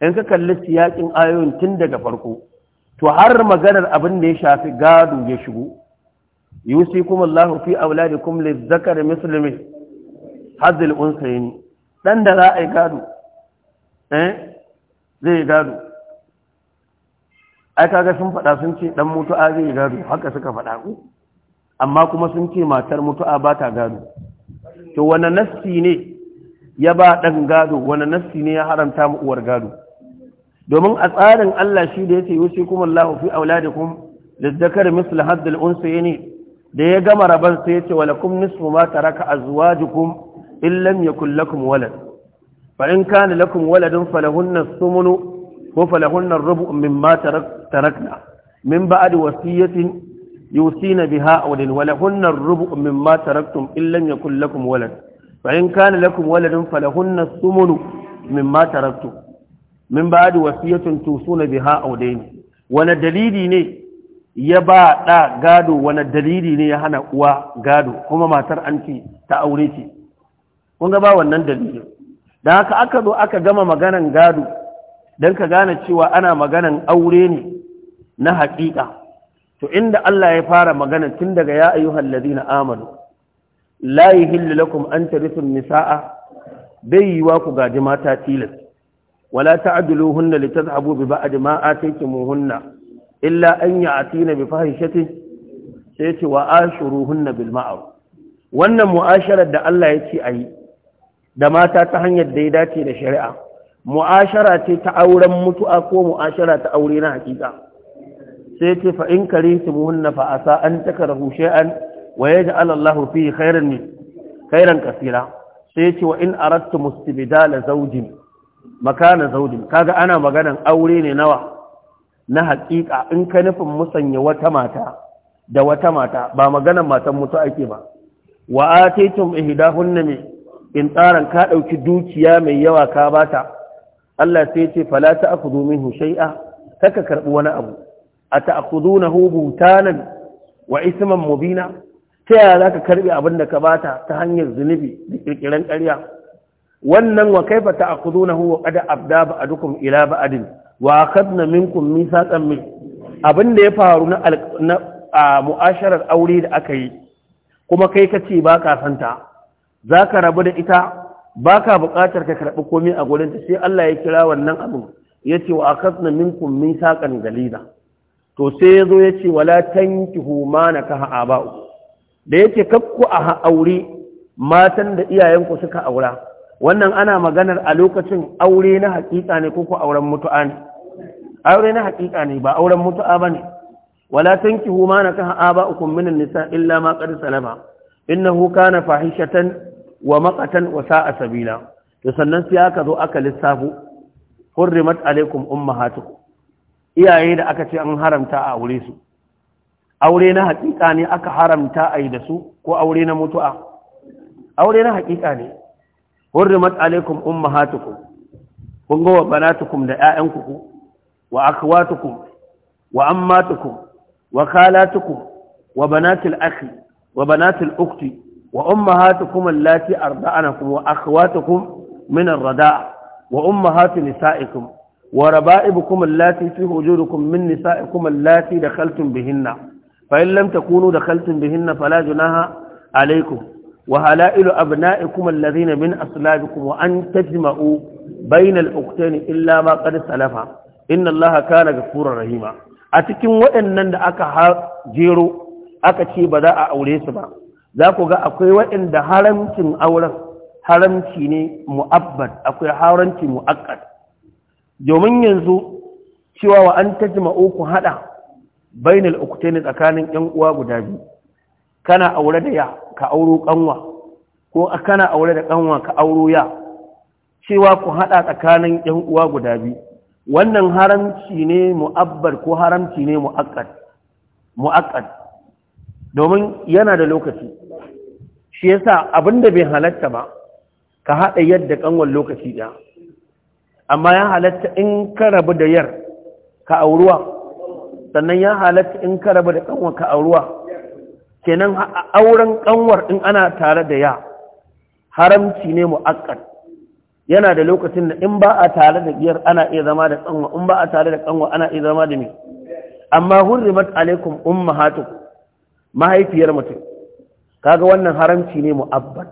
in ka kalli siyakin ayoyin tun daga farko to har maganar abin da ya shafi gado ya shigo kuma Allahu fi auladikum lizakari muslimi hazil unsayni dan da za a yi gado eh zai gado ai kaga sun faɗa sun ce dan mutu'a zai gado haka suka faɗa ku amma kuma sun ce matar mutu'a ba ta gado to wannan nassi ne ya ba dan gado wani nassi ne ya haramta mu uwar gado domin a tsarin Allah shi da yace kuma Allahu fi auladikum lizakari misl hadd al-unsayni da ya gama raban sai yace walakum nisfu ma taraka azwajukum in lam yakul lakum walad fa in kana lakum waladun falahunna sumunu ko falahunna rubu mimma tarakna min ba'd wasiyatin yusina biha aw lin walahunna rubu mimma taraktum illam yakul lakum walad fa in kana lakum waladun falahunna sumunu mimma taraktum min ba'd wasiyatin tusuna dalili ne ya ba ɗa gado wane dalili ne ya hana uwa gado kuma matar an ta aure ce kun ga ba wannan dalilin da haka aka zo aka gama maganan gado don ka gane cewa ana maganan aure ne na haƙiƙa to inda Allah ya fara magana tun daga ya ayyuhal ladina amanu la yuhillu lakum an tarithu nisaa bai yiwa ku gaji mata tilas wala ta'diluhunna litadhhabu bi ba'd ma ataytumuhunna illa an ya'tina bi fahishatin sai ce wa ashuruhunna bil ma'ruf wannan mu'asharar da Allah ya ce ayi da mata ta hanyar da ya dace da shari'a mu'ashara ce ta auren mutu'a ko mu'ashara ta aure na hakika sai ce fa in karihtimuhunna fa asa an takrahu shay'an wa yaj'al Allahu fihi khairan min khairan kaseera sai ce wa in aradtum istibdala zawjin makana zawjin kaga ana maganan aure ne nawa na hakika in ka nufin musanya wata mata da wata mata ba maganan matan mutu ake ba wa ataytum ihdahunna min in tsaran ka ɗauki dukiya mai yawa ka bata Allah sai ce fala ta'khudhu minhu shay'a kaka karbi wani abu ata'khudunahu butanan wa isman mubina ta yaya zaka karbi abin da ka bata ta hanyar zunubi da ƙirƙiran ƙarya wannan wa kaifa ta'khudunahu wa qad abda ba'dukum ila ba'din wa akhadna minkum mithaqan min abin da ya faru na mu'asharar aure da aka yi kuma kai kace ba ka santa za ka rabu da ita ba ka buƙatar ka karɓi komai a ta, sai Allah ya kira wannan abin ya ce wa a kasna minkum min saƙan galida to sai ya zo ya ce wala tankihu huma na ka ha'aba'u da ya yake kakku a aure matan da iyayenku suka aura wannan ana maganar a lokacin aure na haƙiƙa ne ko auren mutu'a ne aure na haƙiƙa ne ba auren mutu'a ba ne wala tankihu huma na ka ha'aba'ukum minan nisa illa ma qad salama innahu kana fahishatan wa maƙatan wa sa'a sabila da sannan sai aka zo aka lissafo hurrimat alaikum ummahatukum iyaye da aka ce an haramta a aure su aure na hakika ne aka haramta a yi da su ko aure na mutu'a aure na hakika ne hurrimat alaikum ummahatukum kun ga wa banatukum da 'ya'yanku ku wa akhwatukum wa ammatukum wa khalatukum wa banatil akhi wa banatil ukhti wa ummahatukum allati arda'anakum wa akhwatukum min ar-rada'a wa ummahatu nisa'ikum wa raba'ibukum allati fi hujurukum min nisa'ikum allati dakhaltum bihinna fa in lam takunu dakhaltum bihinna fala junaha alaykum wa halailu abna'ikum alladhina min aslabikum wa an tajma'u bayna al illa ma salafa inna allaha kana ghafurur a cikin waɗannan da aka jero aka ce ba za a aure su ba za ku ga akwai waɗanda haramcin auren haramci ne mu'abbad akwai haramci mu'akkad domin yanzu cewa wa an tajma'u ku hada bainal uktaini tsakanin yan uwa guda biyu kana aure da ya ka auro kanwa ko kana aure da kanwa ka auro ya cewa ku hada tsakanin yan uwa guda biyu wannan haramci ne mu'abbad ko haramci ne mu'akkad mu'akkad domin yana da lokaci shi yasa da bai halatta ba ka haɗa yadda ƙanwar lokaci ɗaya amma ya halatta in ka rabu da yar ka auruwa sannan ya halatta in ka rabu da ƙanwar ka auruwa kenan auren ƙanwar in ana tare da ya haramci ne mu'akkad yana da lokacin da in ba a tare da biyar ana iya zama da ƙanwa in ba a tare da ƙanwa ana iya zama da ne amma hurrimat alaikum ummahatukum mahaifiyar mutum kaga wannan haramci ne mu'abban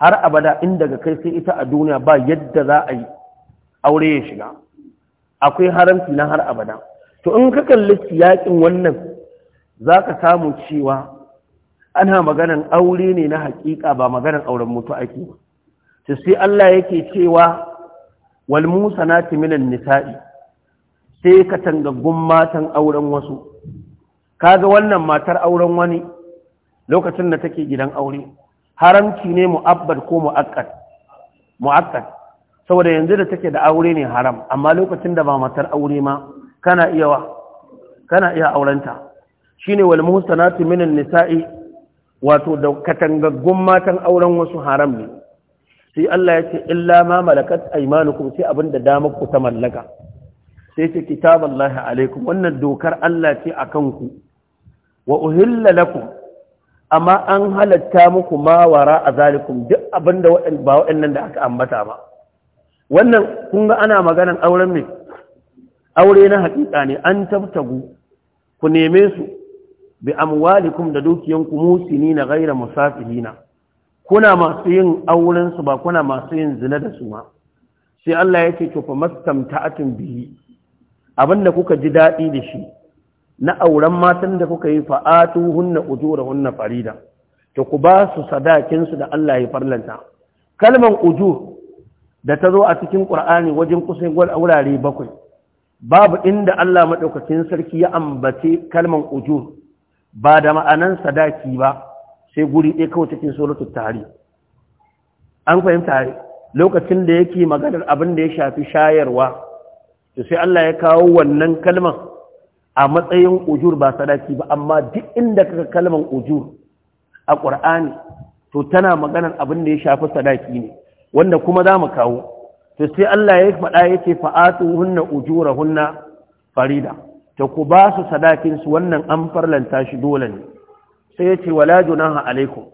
har abada in daga kai sai ita a duniya ba yadda za a yi aure ya shiga akwai haramci na har abada to in ka kalli siyakin wannan za ka samu cewa ana maganan aure ne na hakika ba maganan auren mutu ake ba to sai Allah yake cewa wal musanati minan nisa'i sai ka tangaggun matan auren wasu kaga wannan matar auren wani lokacin da take gidan aure haramci ne mu'abbad ko mu'akkad mu'akkad saboda yanzu da take da aure ne haram amma lokacin da ba matar aure ma kana iya wa kana iya aurenta shine wal muhsanatu minan nisa'i wato da katangaggun matan auren wasu haram ne sai Allah ya ce illa ma malakat aymanukum sai abinda damar ku ta mallaka sai ce kitaballahi alaikum wannan dokar Allah ce akan ku wa uhilla lakum amma an halatta muku mawara a zalikum duk abin da ba waɗannan da aka ambata ba wannan kun ga ana maganan auren mai aure na haƙiƙa ne an tabtagu ku neme su bi amwalikum da dukiyanku musini na gaira musafihina kuna masu yin auren su ba kuna masu yin zina da su ma sai Allah yake ce to fa bihi abinda kuka ji daɗi da shi na auren matan da kuka yi fa'atu hunna ujura hunna farida to ku ba su sadakinsu da Allah ya farlanta kalman ujur da ta zo a cikin ƙura'ani wajen kusan gwal wurare bakwai babu inda Allah maɗaukacin sarki ya ambace kalman ujur ba da ma'anan sadaki ba sai guri ɗaya kawai cikin solotu tare. an fahimta lokacin da yake maganar abin da ya shafi shayarwa to sai Allah ya kawo wannan kalman. a matsayin ujur ba sadaki ba amma duk inda kaga kalmar ujur a ƙur'ani to tana maganar abin da ya shafi sadaki ne wanda kuma za mu kawo to sai Allah ya faɗa yake ce fa'atu hunna ujura hunna farida ta ku ba su sadakinsu wannan an farlanta shi dole ne sai yace ce wala junaha alaikum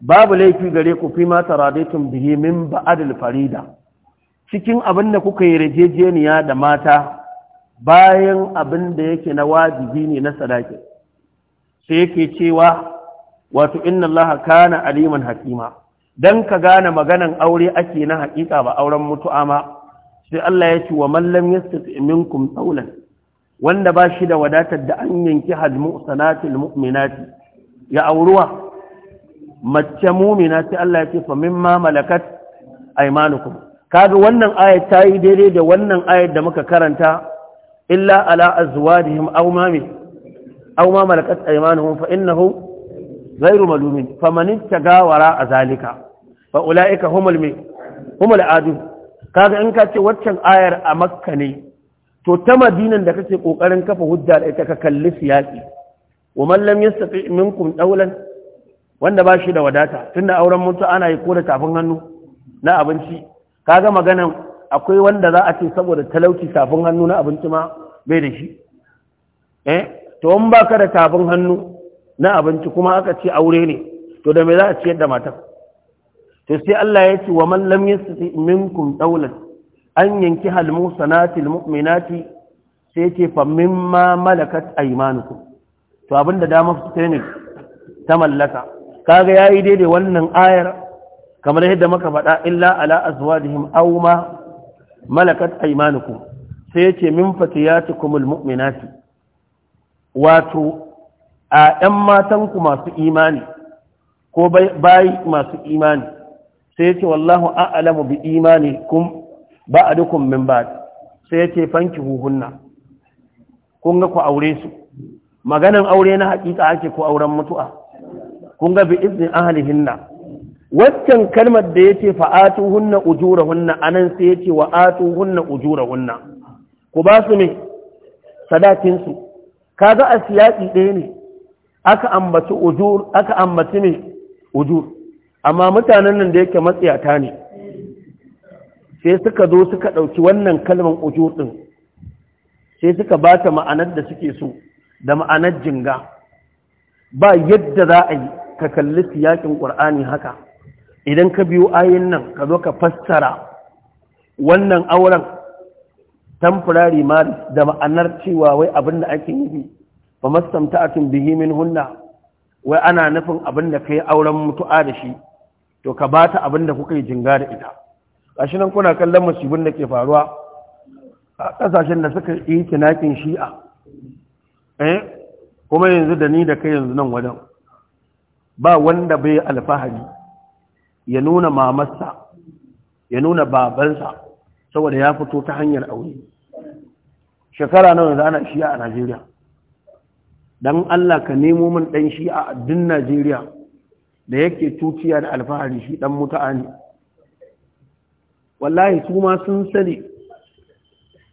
babu laifi gare ku fi mata taradaitum bihi min ba'adul farida cikin abin da kuka yi rajejeniya da mata bayan abin da yake na wajibi ne na sadaki sai yake cewa wato inna Allah kana aliman hakima dan ka gane maganan aure ake na hakika ba auren mutu'a ma sai Allah ya ce wa man lam yastati minkum qawlan wanda ba shi da wadatar da an yanki hajmu mu'sanatil mu'minati ya auruwa mace mu'mina sai Allah ya ce fa mimma malakat aymanukum kaga wannan ayat ta yi daidai da wannan ayat da muka karanta illa ala azwajihim aw ma min aw ma malakat aymanuhum fa innahu ghayru malumin faman ittaga wara azalika fa ulaika humul mi kaga in ka ce waccan ayar a makka ne to ta madinan da kake kokarin kafa hujja da ita ka kalli siyasi wa man lam yastati minkum dawlan wanda ba shi da wadata tunda auren mutu ana yi ko da tafin hannu na abinci kaga maganan akwai wanda za a ce saboda talauci tafin hannu na abinci ma bai da shi eh to in baka da tafin hannu na abinci kuma aka ce aure ne to da me za a ciyar da matar to sai Allah ya ce wa man lam yastati minkum dawlat an yanki hal musanatil mu'minati sai ce fa mimma malakat aymanukum to abinda da mafi sai ne ta mallaka kaga yayi daidai wannan ayar kamar yadda maka faɗa illa ala azwajihim aw ma malakat aimanukum sai yace min fatiyatukumul mu'minati wato a ɗan matanku masu imani ko bayi masu imani sai yace wallahu a'lamu bi imanikum ba'dukum min ba'd sai yace hunna kun ga ku aure su maganan aure na hakika ake ku auren mutu'a kun ga bi izni ahlihinna waccan kalmar da yace fa atuhunna ujurahunna anan sai yace wa ujura ujurahunna ku ba su ne sadakin su kaga a siyaki ɗaya ne aka ambaci ujur aka ne ujur amma mutanen nan da yake matsiyata ne sai suka zo suka ɗauki wannan kalmar ujur ɗin sai suka ba ta ma'anar da suke so da ma'anar jinga ba yadda za a yi ka kalli siyakin ƙur'ani haka idan ka biyo ayin nan ka zo ka fassara wannan auren temporary mari da ma'anar cewa wai abin da ake yi ba masamta a tun bihimin hunna wai ana nufin abin da ka yi auren mutu'a da shi to ka ba ta abin da kuka yi jinga da ita shi nan kuna kallon musibin da ke faruwa a ƙasashen da suka yi tinakin shi'a eh kuma yanzu da ni da kai yanzu nan wajen ba wanda bai alfahari ya nuna mamarsa ya nuna babansa saboda ya fito ta hanyar aure shekara nawa wanzu ana shi'a a Najeriya Don Allah ka nemo min dan shi'a a din Najeriya da yake tuciya da alfahari shi dan mutu'a ne wallahi su ma sun sani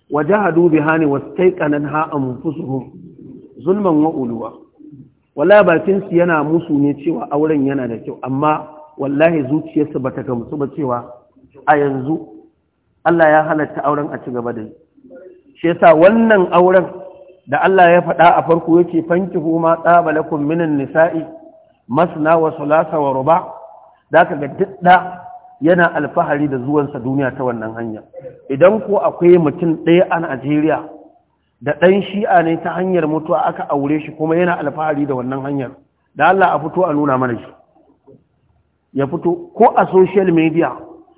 Waje wasu kai kanan ha'am anfusuhum zulman wa'uluwa wallahi bakin su yana musu ne cewa auren yana da kyau amma wallahi zuciyarsa ta gamsu ba cewa a yanzu Allah ya halatta auren a ci gaba da shi yasa wannan auren da Allah ya faɗa a farko fanki fankihu ma tsabalakum minan nisa'i masna wa sulasa wa ruba ka ga didda yana alfahari da zuwansa duniya ta wannan hanya idan ko akwai mutum ɗaya a Najeriya da ɗan shi'a ne ta hanyar mutuwa aka aure shi kuma yana alfahari da wannan hanyar da Allah a fito a nuna mana shi ya fito ko a social media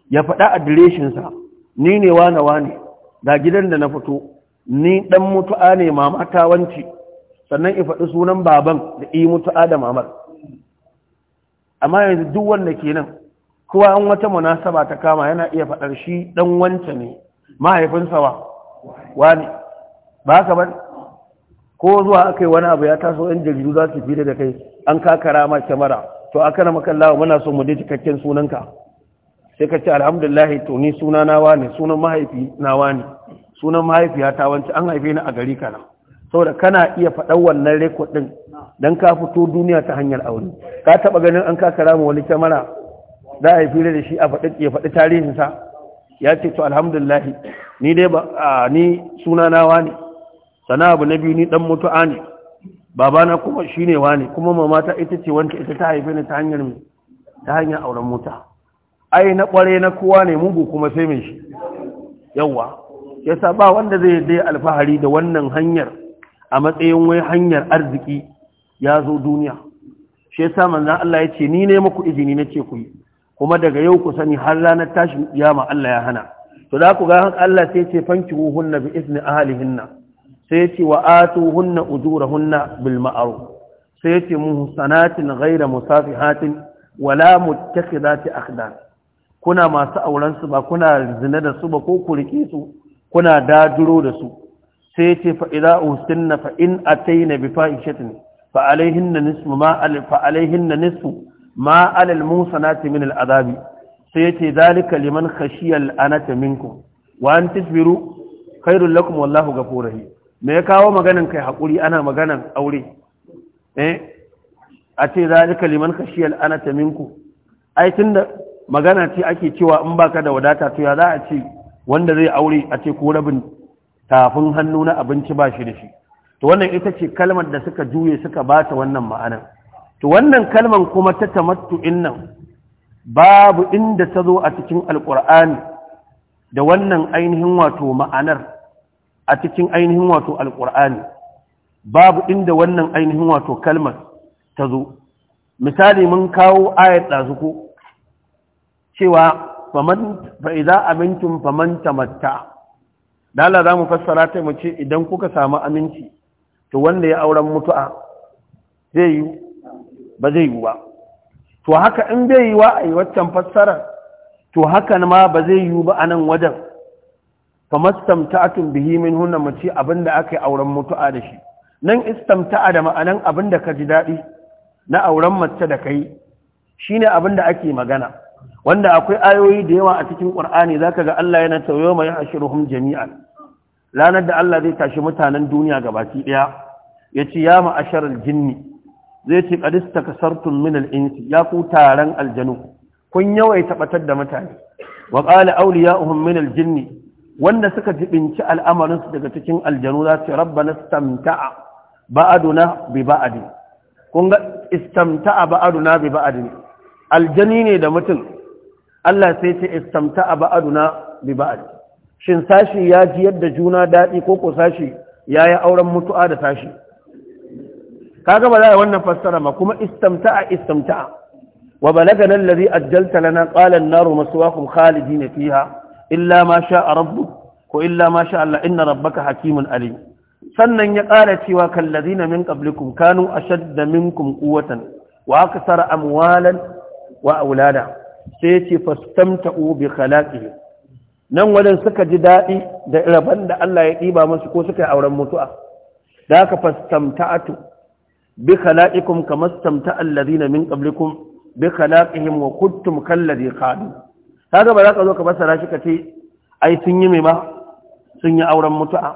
ya faɗa adireshinsa ni ne wane wane ga gidan da na fito ni dan mutu'a ne mamata wanci sannan in faɗi sunan baban da yi mutu'a da mamar amma yanzu duk wanda ke nan kowa an wata munasaba ta kama yana iya faɗar shi ɗan wanta ne mahaifinsa wa wani ba ka ba ko zuwa aka yi wani abu ya taso yan jaridu za su fi da kai an kakara ma kyamara to akana makallawa muna so mu dai cikakken sunanka sai ka ce alhamdulillah to ni suna nawa ne sunan mahaifi nawa ne sunan mahaifiya ta wanci an haife ni a gari kana saboda kana iya faɗan wannan rekod din dan ka fito duniya ta hanyar aure ka taba ganin an ka kara mu wani kyamara da a ne da shi a faɗi ya faɗi tarihin sa ya ce to alhamdulillah ni dai ba ni suna nawa ne sana abu na biyu ni dan mutu'a ne babana kuma shine wani kuma mamata ita ce wanda ita ta haife ni ta hanyar ta hanyar auren mota ai na kware na kowa ne mugu kuma sai mai shi yawa yasa ba wanda zai dai alfahari da wannan hanyar a matsayin wai hanyar arziki ya zo duniya shi yasa manzan Allah ya ce ni ne muku izini na ce ku yi kuma daga yau ku sani har ranar tashin kiyama Allah ya hana to za ku ga Allah sai ce fanki hunna bi izni ahlihinna sai ce wa ujura hunna bil ma'ruf sai ce muhsanatin musafi musafihatin wala muttakhidati akhdan kuna masu auren su ba kuna zina da su ba ko ku rike su kuna dajiro da su sai ce fa idza ustinna fa in bi fahishatin fa alaihinna nisfu ma al fa musanati min al'adabi. sai ce zalika liman khashiya al anata minkum wa an tasbiru lakum wallahu ga rahim me ya kawo maganin kai haƙuri ana maganan aure eh a ce zalika liman khashiyal anata minku ai tunda magana ce ake cewa in baka da wadata to ya za a ce wanda zai aure a ce ko rabin tafin hannu na abinci ba shi da shi to wannan ita ce kalmar da suka juye suka ba ta wannan ma'ana to wannan kalmar kuma ta tamattu innan babu inda ta zo a cikin alkur'ani da wannan ainihin wato ma'anar a cikin ainihin wato alƙur'ani babu inda wannan ainihin wato kalmar ta zo misali mun kawo ayat ɗazu ko cewa fa'iza amincin faman Da dala za mu fassara ta mace idan kuka samu aminci to wanda ya auren mutu'a zai yi ba zai yi ba to haka in bai yi wa a yi waccan fassara to haka ma ba zai yi ba a nan wajen famastamta'atun bihi min hunna mace abinda aka auren mutu'a da shi nan istamta'a da ma'anan abinda ka ji daɗi na auren mace da kai shine abinda ake magana wanda akwai ayoyi da yawa a cikin Qur'ani zaka ga Allah yana sayo mai ashiruhum jami'an Lanar da Allah zai tashi mutanen duniya gabaki daya yace ya ma'asharal jinni zai ce qad istakasartum min al-insi ya ku taran aljanu kun yawaita batar da mutane wa qala awliya'uhum min al-jinni wanda suka jibinci al'amarinsu daga cikin aljanu za su rabbana istamta'a ba'aduna bi ba'adin kun ga istamta'a ba'aduna bi ba'adin aljani ne da mutum Allah sai ce istamta'a ba'aduna bi ba'adin shin sashi ya ji yadda juna daɗi ko ko sashi ya yi auren mutu'a da sashi Ka ba za a wannan fassara ma kuma istamta'a istamta'a wa balagana allazi ajjalta lana qala an-naru maswaakum khalidina fiha illa ma sha a rabbu ko illa ma sha Allah inna rabbaka hakimun ali. sannan ya ƙara cewa kallazina min qablikum kanu a ashadda minkum quwwatan wa akthara amwalan wa aulada sai yace fastamta'u bi khalaqihi nan wadan suka ji daɗi da rabon da Allah ya diba musu ko suka yi auren mutu'a da haka tu bi khalaqikum kama stamta'a allazina min qablikum bi khalaqihim wa kuntum kalladhi qalu kaga ba za ka zo ka masara shi ka ce ai sun yi mai ba sun yi auren mutu'a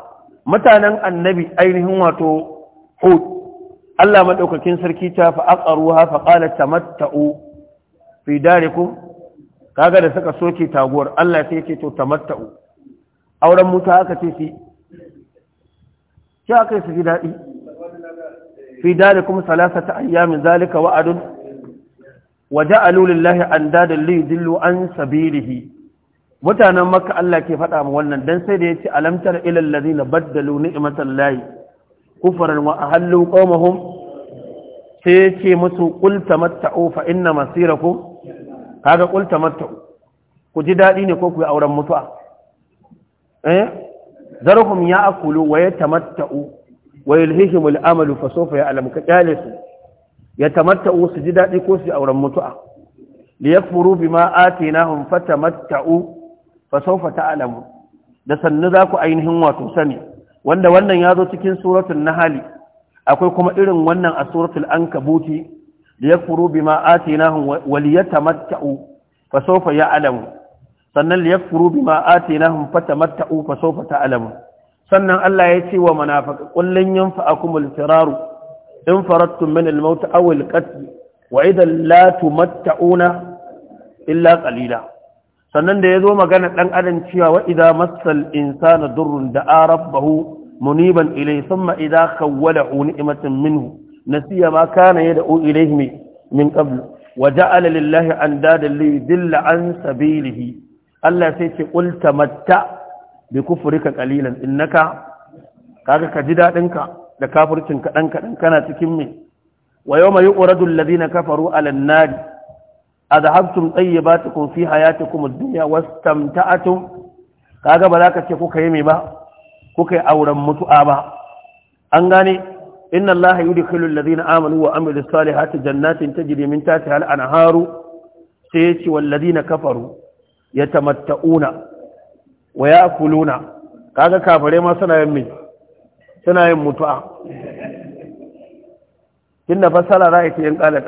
mutanen annabi ainihin wato hud Allah madaukakin sarki ta fa ha fa qala tamatta'u fi darikum kaga da suka soke taguwar Allah sai yake to tamatta'u auren mutu'a aka ce shi ya kai su ji daɗi fi darikum salasata ayyamin zalika wa'adun Waje وجعلوا لله اندادا ليضلوا عن سبيله mutanen maka Allah ke faɗa mu wannan don sai da ya yace alamtar ilal ladina baddalu ni'matallahi kufran wa a hallu qaumahum sai ya yace musu qul tamatta'u fa inna masirakum kaga qul tamatta'u ku ji daɗi ne ko ku yi auren mutu'a eh zarhum ya'kulu wa yatamatta'u wa yulhihimul amalu fa ya ya'lamu ka su. ya tamatta'u su ji daɗi ko su auren mutu'a li yakfuru bima atinahum fatamatta'u fa sawfa ta'lamu da sannu za ku ainihin wato sani wanda wannan ya zo cikin suratun na hali, akwai kuma irin wannan a suratul ankabuti li yakfuru bima atinahum ya liyatamatta'u fa ya alamu. sannan li yakfuru bima atinahum fatamatta'u fa sawfa ta'lamu sannan Allah ya ce wa munafiqun lan yanfa'akumul firaru in farattum min al-maut aw al wa idan illa qalila sannan da ya zo magana ɗan adam cewa wa idza massal insana durrun da'a rabbahu muniban ilayhi idan idza khawwalahu ni'matan minhu nasiya ma kana yad'u mai min qabl wa ja'ala lillahi andadan li yudilla an sabilihi Allah sai ce qul tamatta bi kufrika qalilan innaka kaga ka ji daɗinka ka da kafircin kaɗan kaɗan kana cikin mai wa yau mai ƙoradun ladina kafaru alannari a zahabtun tsaye ba ta kofi hayata kuma duniya wasu tamta'atun kaga ba za ka ce kuka yi mai ba kuka yi auren mutu'a ba an gane inna allaha yudkhilu alladhina amanu wa amilu salihati jannatin tajri min tahtiha al-anharu sai yace walladhina kafaru yatamatta'una wa Ka kaga kafare ma suna yin mai suna yin mutu'a tunda fasara ra'ayi ta yan kala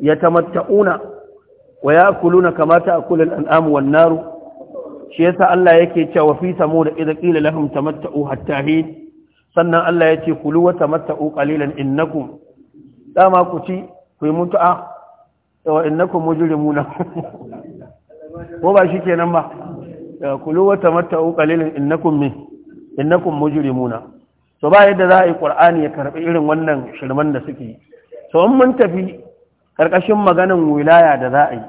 Ya yatamatta'una wa ya ya'kuluna kama ta'kulu al-an'am wan naru shi yasa Allah yake cewa fi samud idza qila lahum tamatta'u hatta hin sannan Allah ya ce kulu wa tamatta'u qalilan innakum dama ku ci ku yi mutu'a wa innakum mujrimuna ko ba shi shikenan ba kulu wa tamatta'u qalilan innakum min innakum mujrimuna to ba yadda za a yi ƙur'ani ya karɓi irin wannan shirman da suke yi to in mun tafi ƙarƙashin maganan wilaya da za a yi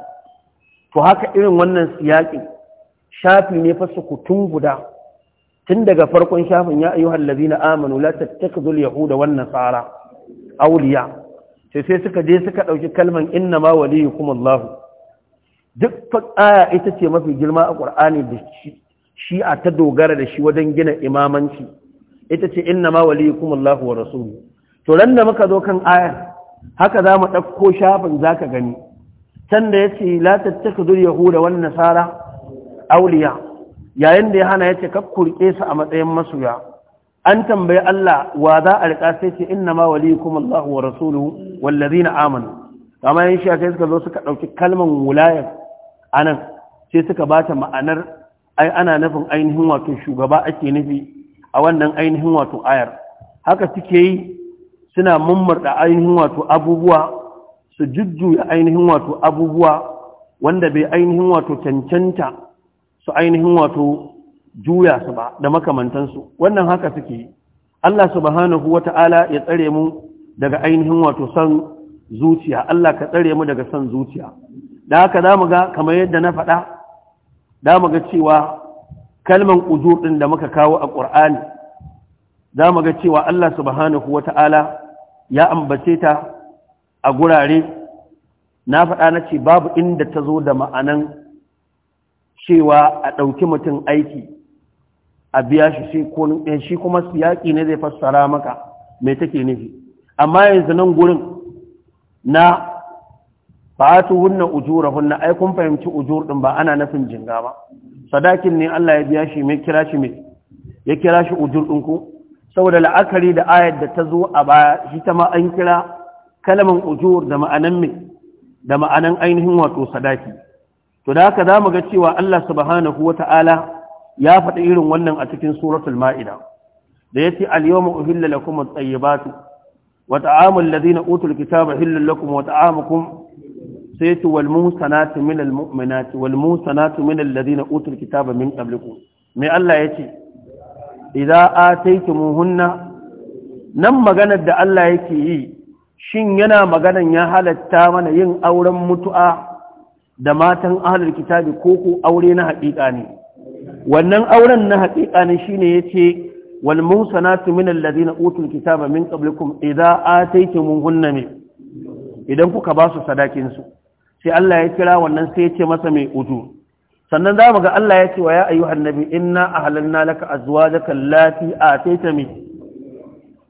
to haka irin wannan siyaƙin shafi ne fa sukutun guda tun daga farkon shafin ya ayyuhal ladina amanu la tattakizul yahuda wan nasara awliya sai sai suka je suka ɗauki kalman inna ma waliyukum Allah duk aya ita ce mafi girma a Qur'ani da shi a ta dogara da shi wajen gina imamanci ita ce inna ma waliyukum Allahu wa rasuluhu to ran da muka zo kan ayar haka za mu ɗauko shafin za ka gani can da ya ce la tattakidu yahuda wani nasara auliya yayin da ya hana ya ce kakkurke su a matsayin masoya an tambayi Allah wa za a riƙa sai ce inna ma waliyukum Allahu wa rasuluhu na amanu amma yan shi kai suka zo suka ɗauki kalman wulayar anan sai suka bata ma'anar ai ana nufin ainihin wato shugaba ake nufi a wannan ainihin wato ayar haka suke yi suna mummurda ainihin wato abubuwa su jujjuya ainihin wato abubuwa wanda bai ainihin wato cancanta su ainihin wato juya su ba da makamantansu wannan haka suke yi Allah subhanahu wata'ala ya tsare mu daga ainihin wato san zuciya Allah ka tsare mu daga san zuciya da haka za mu ga kamar yadda na faɗa da mu ga cewa kalman ujur ɗin da muka kawo a ƙur'ani za mu ga cewa Allah subhanahu wa ya ambace ta a gurare na faɗa na ce babu inda ta zo da ma'anan cewa a ɗauki mutum aiki a biya shi eh, shi kuma yaƙi ne zai fassara maka mai take nufi amma yanzu nan gurin na fa'atu hunna ujura hunna ai kun fahimci ujur ɗin ba ana nufin jinga ba sadakin ne Allah ya biya shi mai kira shi mai ya kira shi ujur ɗinku saboda la'akari da ayar da ta zo a baya shi ta ma an kira kalaman ujur da ma'anan mai da ma'anan ainihin wato sadaki to da haka zamu ga cewa Allah subhanahu wata'ala ya faɗi irin wannan a cikin suratul ma'ida da yace al-yawma uhilla lakum at-tayyibatu wa ta'amul ladina utul kitaba hillul lakum wa ta'amukum sai yace wal musanatu min al mu'minati wal musanatu min alladhina utul kitaba min qablikum me Allah yace idza ataytumuhunna nan maganar da Allah yake yi shin yana maganar ya halatta mana yin auren mutu'a da matan ahlul kitabi ko ko aure na haƙiƙa ne wannan auren na haƙiƙa ne shine yace wal musanatu min alladhina utul kitaba min qablikum idza ataytumuhunna idan kuka ba su sadakin su sai Allah ya kira wannan sai ya ce masa mai uju sannan za mu ga Allah ya ce wa ya ayyuhan nabi inna ahlanna laka azwajaka allati atayta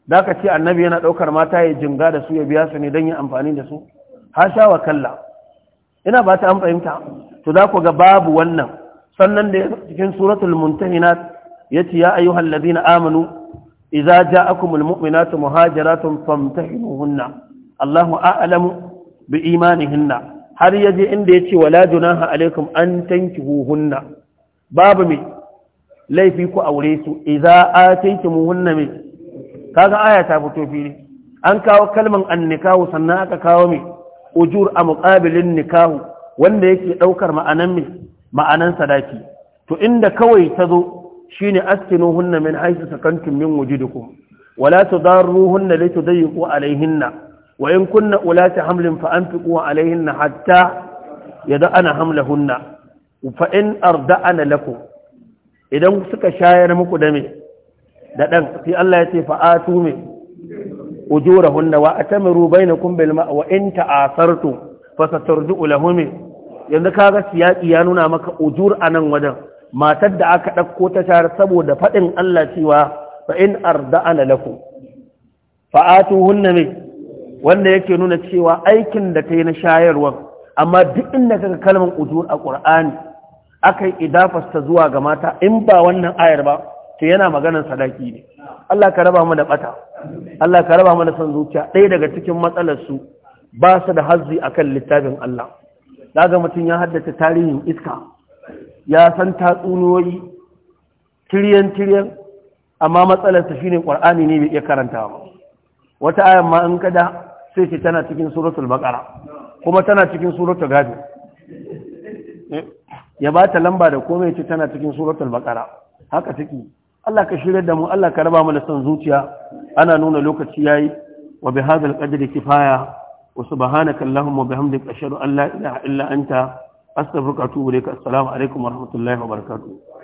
da ka ce annabi yana ɗaukar mata ya jinga da su ya biya su ne don yin amfani da su hasha wa kalla ina ba ta an fahimta to za ku ga babu wannan sannan da cikin suratul muntahina ya ce ya ayyuhal ladina amanu idza ja'akumul mu'minatu muhajiratun famtahinuhunna Allahu a'lamu bi imanihinna har ya je inda ya ce wala junaha alaikum an tanki tankihuhunna babu mai laifi ku aure su idza ataytumuhunna mai kaga aya ta fito fili an kawo kalman annikahu sannan aka kawo mai ujur a muqabilin nikahu wanda yake daukar ma'anan mai ma'anan sadaki to inda kawai ta zo shine askinuhunna min haythu sakantum min wujudikum wala tudarruhunna litudayyiqu alaihinna Wa'in in kunna ulati hamlin fa anfiqu alaihinna hatta yad'ana hamlahunna fa in arda'ana lakum idan suka shayar muku da me da dan sai Allah ya ce fa atu wa atamiru bainakum bil ma'a wa in ta'asartum fa satarji'u yanzu kaga siyaki ya nuna maka ujur anan wajen matar da aka ɗauko ta shayar saboda faɗin Allah cewa fa in arda'ana lakum fa atuhunna me wanda yake nuna cewa aikin da ta yi na shayarwar. amma duk inda kaga kalmar ujur a ƙur'ani, aka yi idafasta zuwa ga mata in ba wannan ayar ba to yana maganar sadaki ne Allah ka raba mu da bata Allah ka raba mu da zuciya ɗaya daga cikin matsalarsu ba su da hazzi kan littafin Allah daga mutum ya haddace tarihin iska ya san tatsuniyoyi tiriyan tiriyan amma matsalarsa shi shine ƙur'ani ne bai iya karanta wata ayan ma in kada sai ce tana cikin suratul baƙara, kuma tana cikin suratul gafi eh, ya ba ta lamba da komai ce tana cikin suratul baƙara, haka take Allah ka shirya da mu Allah ka raba mu da son zuciya ana nuna lokaci yayi wa bi hadha al kifaya wa subhanaka allahumma wa bihamdika ashhadu an la ilaha illa anta astaghfiruka wa atubu ilaik assalamu alaikum wa rahmatullahi wa barakatuh